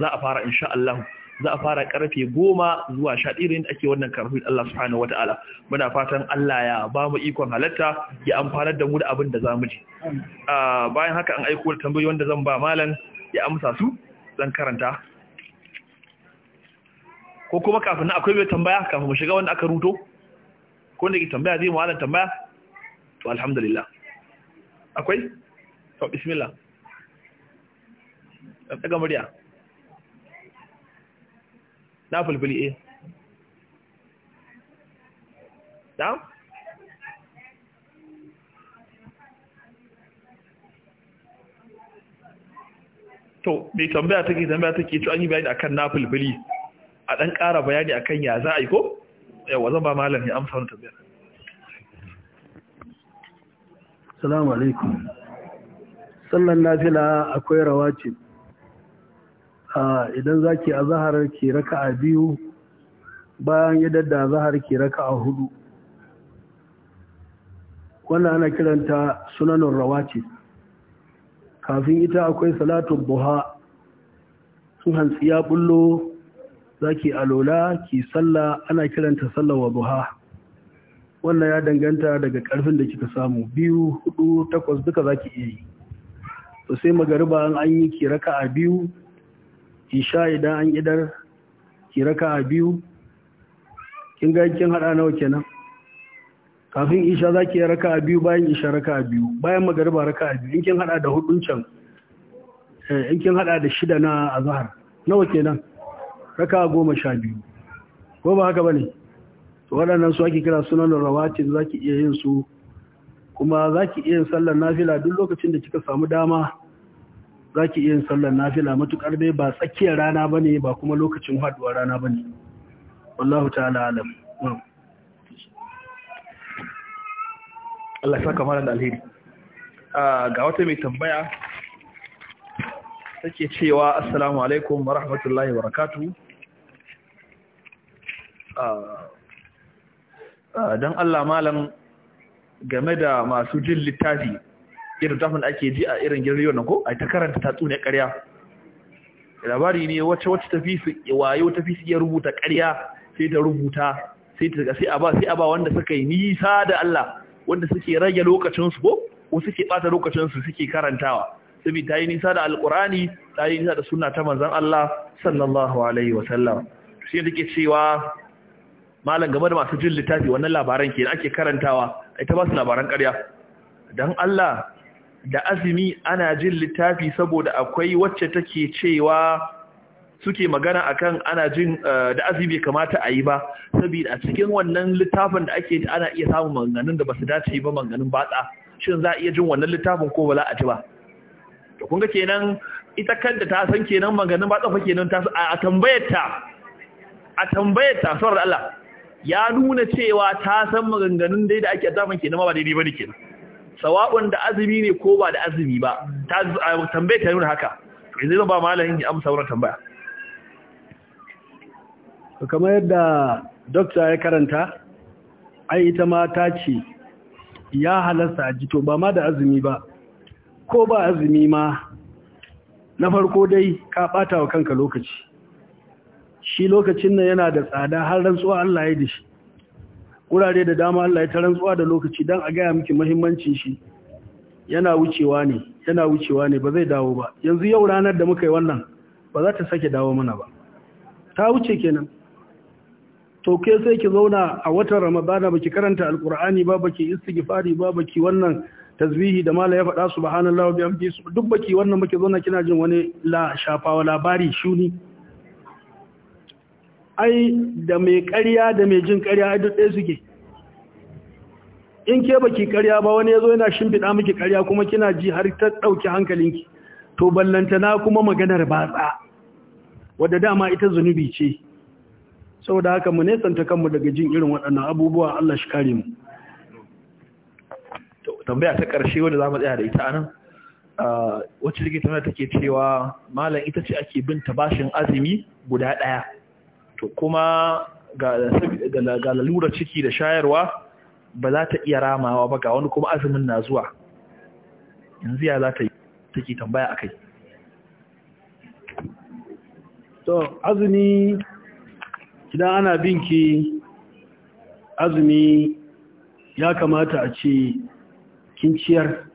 za a fara insha Allah za a fara karfe goma zuwa sha ɗaya da ake wannan karfi Allah subhanahu wa muna fatan Allah ya ba mu ikon halatta ya amfanar da mu da abin da za mu ji ah, bayan haka an aiko tambayoyi wanda zan ba malam ya amsa su zan karanta ko kuma kafin na akwai mai tambaya kafin mu shiga wanda aka ruto ko da ke tambaya zai malam tambaya to alhamdulillah akwai to bismillah ɗaga murya na fulfili A, eh. na'am to mai tambaya take tambaya take to an yi bayani akan na fulfili a dan ƙara bayani akan ya za a yi ko yawa zan ba malami ya amsa wani tambaya assalamu alaikum sallan nafila akwai rawatib idan za ki a zahar ki raka a biyu bayan yi da zahar ki raka a hudu wannan ana kiranta sunanin rawaci kafin ita akwai salatu buha sun hantsi ya bullo za ki alola ki sallah ana kiranta sallah wa buha wannan ya danganta daga karfin da kika samu biyu hudu takwas duka za ki iya yi to sai magariba an yi ki raka a biyu isha idan an idar ki a biyu kin ga kin hada nawa kenan kafin isha zaki raka a biyu bayan isha a biyu bayan magariba raka a biyu in kin hada da hudun can eh, in kin hada da shida na azhar nawa kenan raka goma sha biyu ko ba haka bane to waɗannan su ake kira sunan rawatib zaki iya yin su kuma zaki iya yin sallar nafila duk lokacin da kika samu dama za ki iya sallar nafila matukar dai ba tsakiyar rana ba ne ba kuma lokacin haduwa rana ba ne wallahu ta'ala alam Allah ya saka mara da alheri ah, ga wata mai tambaya take cewa assalamu alaikum wa rahmatullahi wa barakatuh ah, ah, don Allah malam game da masu jin littafi irin tafin da ake ji a irin girin nan ko ai ta karanta tatsuniyar ƙarya labari ne wacce wacce fi su wayo fi su iya rubuta ƙarya sai ta rubuta sai ta sai a ba sai a ba wanda suka yi nisa da Allah wanda suke rage lokacin su ko ko suke bata lokacin su suke karantawa saboda ta yi nisa da alqurani ta yi nisa da sunna ta manzon Allah sallallahu alaihi wa sallam shi yake cewa malam game da masu jin littafi wannan labaran ke ake karantawa ai ta ba su labaran ƙarya dan Allah da azumi ana jin littafi saboda akwai wacce take cewa suke magana akan ana jin eh, da azumi kamata a yi ba saboda a cikin wannan littafin da ake ana iya samun maganganun da basu dace ba maganganun batsa shin za a iya jin wannan littafin ko ba za a ji ba to kun ga kenan ita kanta ta san kenan maganganun batsa fa kenan ta a tambayar ta a tambayar ta saboda Allah ya nuna cewa ta san maganganun dai da ake zaman kenan ba daidai bane kenan sawa'un da azumi ne ko ba da azumi ba ta tambaye ta nuna haka zai zan ba malamin ya amsa wannan tambaya kamar yadda dokta ya karanta ai ita ma ta ce ya halasta a jito ba ma da azumi ba ko ba azumi ma na farko dai ka bata wa kanka lokaci shi lokacin nan yana da tsada har rantsuwa Allah ya dishi wurare da dama Allah ya ta rantsuwa da lokaci don a gaya miki mahimmancin shi yana wucewa ne yana wucewa ne ba zai dawo ba yanzu yau ranar da muka yi wannan ba za ta sake dawo mana ba ta wuce kenan to ke sai ki zauna a watan ramadana baki karanta alkur'ani ba baki istighfari ba baki wannan tasbihi da mala ya faɗa subhanallahi wa bihamdihi duk baki wannan baki zauna kina jin wani la shafawa labari shuni ai da mai ƙarya da mai jin ƙarya a duk ɗaya suke in ke baki ƙarya ba wani ya zo yana shimfiɗa miki ƙarya kuma kina ji har ta ɗauki hankalinki to ballantana kuma maganar batsa wadda dama ita zunubi ce saboda haka mu nesanta kanmu daga jin irin waɗannan abubuwa Allah shi kare mu tambaya ta ƙarshe wadda za mu tsaya da ita anan wacce likita take cewa malam ita ce ake binta bashin azumi guda ɗaya to kuma ga lalura ciki da shayarwa ba za ta iya ramawa ba ga wani kuma azumin na zuwa yanzu ya za ta yi take tambaya a kai to azumi idan ana binki azumi ya kamata a ce kinciyar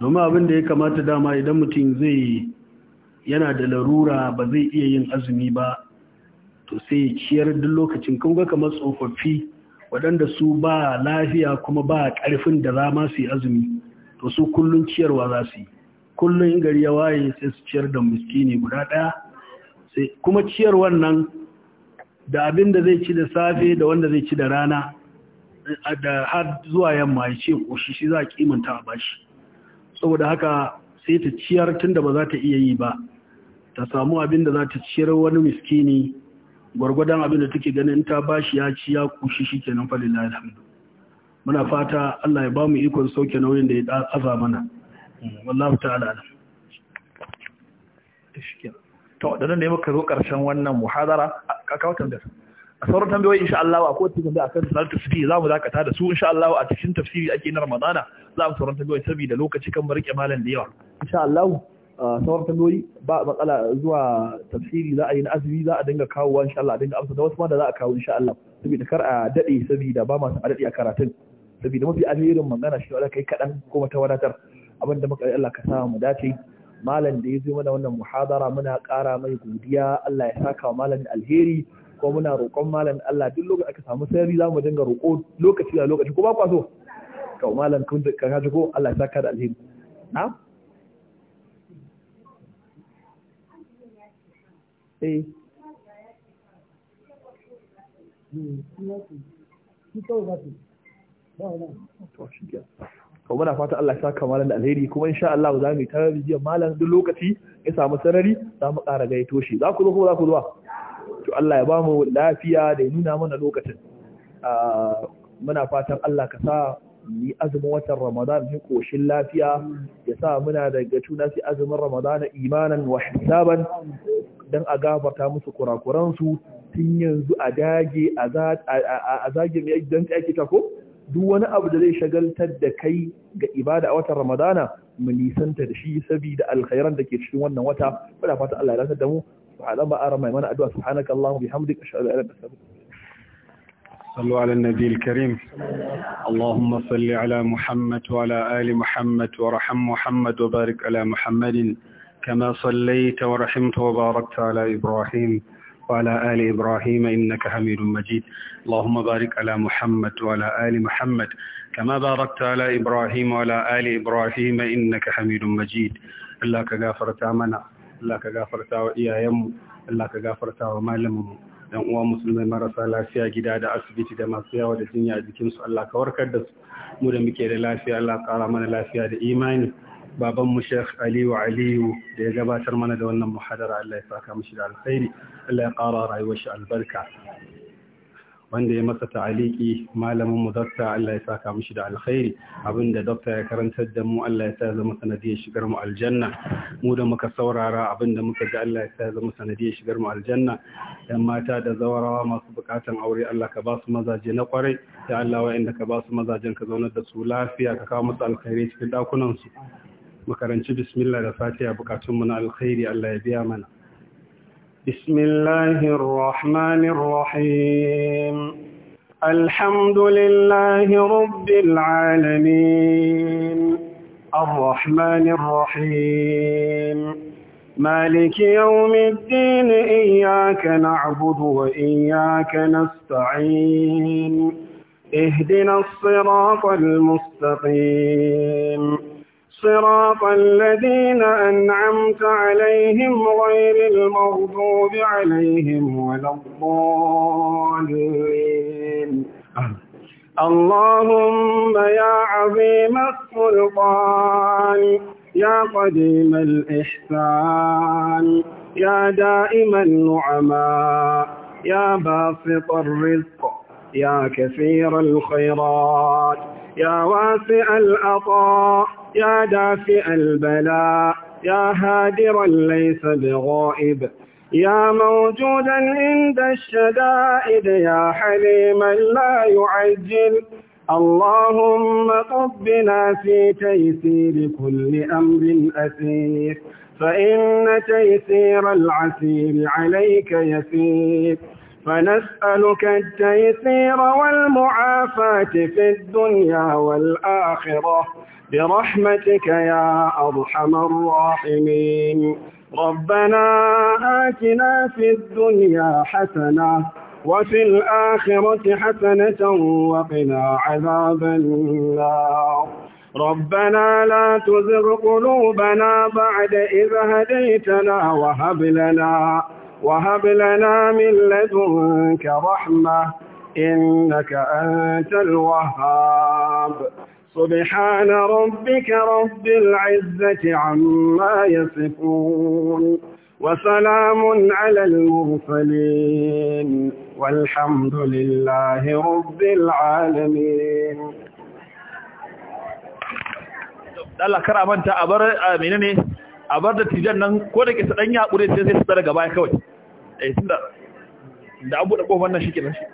domin abin da ya kamata dama idan mutum zai yana da larura ba zai iya yin azumi ba to sai ya ciyar duk lokacin kun ga kamar tsofaffi waɗanda su ba lafiya kuma ba ƙarfin da za ma su yi azumi to su kullun ciyarwa za su yi kullun in gari ya waye sai su ciyar da miskini guda ɗaya sai kuma ciyar wannan da abin da zai ci da safe da wanda zai ci da rana da har zuwa yamma ya ce ƙoshi shi za a kimanta a bashi saboda haka sai ta ciyar tun da ba za ta iya yi ba ta samu abin da za ta ciyar wani miskini gwargwadon abin da take ganin ta ba shi ya ci ya kushi shi ke falin falillahi alhamdu muna fata Allah ya ba mu ikon sauke nauyin da ya aza mana wallahu ta'ala to da nan ne muka zo karshen wannan muhadara ka kawo tambayar a sauran tambayoyi insha Allah a kowace tambaya akan salat tafsiri mu dakata da su insha Allah a cikin tafsiri ake na Ramadana za mu sauran tambayoyi saboda lokaci kan barke malam da yawa insha Allah sauran tambayoyi ba matsala zuwa tafsiri za a yi na azumi za a dinga kawowa insha Allah a dinga amsa da wasu ma da za a kawo insha Allah saboda kar a dade saboda ba masu a dade a karatun saboda mafi alherin magana shi wala kai kadan ko mata wadatar abin da muka yi Allah ka sa mu dace malam da ya zo mana wannan muhadara muna ƙara mai godiya Allah ya saka wa malamin alheri ko muna roƙon malam Allah duk lokacin aka samu sarari za mu dinga roƙo lokaci da lokaci ko ba kwaso so to malam kun ka ko Allah ya saka da alheri na'am eh to muna fata Allah ya saka da alheri kuma insha Allah za mu tare malam duk lokaci ya samu sarari za mu ƙara gaito shi za ku zo kuma za ku zuwa to Allah ya ba mu lafiya da ya nuna mana lokacin ah, muna fatan Allah ka sa mu yi azumin watan Ramadan ni koshin lafiya ya sa muna daga tunasi su azumin Ramadan imanan wa hisaban don a gafarta musu kurakuransu tun yanzu a dage a zage mai don ta ta duk wani abu da zai shagaltar da kai ga ibada a watan ramadana mu nisanta da shi saboda alkhairan da ke cikin wannan wata muna fata Allah ya rantsar da mu subhanan ba ara mai mana addu'a subhanaka allahumma bihamdika ashhadu an la ilaha illa صلوا على النبي الكريم اللهم صل على محمد وعلى آل محمد ورحم محمد وبارك على محمد كما صليت ورحمت وباركت على إبراهيم وعلى آل إبراهيم إنك حميد مجيد اللهم بارك على محمد وعلى آل محمد كما باركت على إبراهيم وعلى آل إبراهيم إنك حميد مجيد الله كغافرت منا الله كغافرت وإيايم الله كغافرت ومعلمهم dan uwa musulmai marasa lafiya gida da asibiti da masu yawa da jinya a jikinsu Allah ka warkar da su mu da muke da lafiya Allah ƙara mana lafiya da imani baban mu Sheikh Aliyu Aliyu da ya gabatar mana da wannan muhadara Allah ya saka mishi da alkhairi Allah ya ƙara rayuwar shi albarka wanda ya masa ta'aliki malamin mu dokta Allah ya saka mishi da alkhairi abinda dokta ya karantar da mu Allah ya sa zama sanadiyar shigar mu aljanna mu da muka saurara abinda muka ji Allah ya sa zama sanadiyar shigar mu aljanna yan mata da zawarawa masu bukatan aure Allah ka ba su mazaje na kwarai ya Allah wa'anda ka ba su mazajen ka zaunar da su lafiya ka kawo musu alkhairi cikin dakunan su makaranci bismillah da fatiha bukatunmu na alkhairi Allah ya biya mana bismillahir rahmanir rahim alhamdulillahi rabbil alamin arrahmanir rahim مالك يوم الدين إياك نعبد وإياك نستعين اهدنا الصراط المستقيم صراط الذين أنعمت عليهم غير المغضوب عليهم ولا الضالين اللهم يا عظيم السلطان يا قديم الإحسان يا دائم النعماء يا باسط الرزق يا كثير الخيرات يا واسع العطاء يا دافئ البلاء يا هادرا ليس بغائب يا موجودا عند الشدائد يا حليما لا يعجل اللهم طبنا في تيسير كل أمر أسير فإن تيسير العسير عليك يسير فنسألك التيسير والمعافاة في الدنيا والآخرة برحمتك يا أرحم الراحمين ربنا آتنا في الدنيا حسنة وفي الآخرة حسنة وقنا عذاب النار ربنا لا تزغ قلوبنا بعد إذ هديتنا وهب لنا وهب لنا من لدنك رحمة إنك أنت الوهاب سبحان ربك رب العزة عما يصفون وسلام على المرسلين والحمد لله رب العالمين Allah kar a manta a bar ne, a bar da tijan nan ko da ke sa dan sai sai su daga baya kawai eh, da abu da kofar nan shi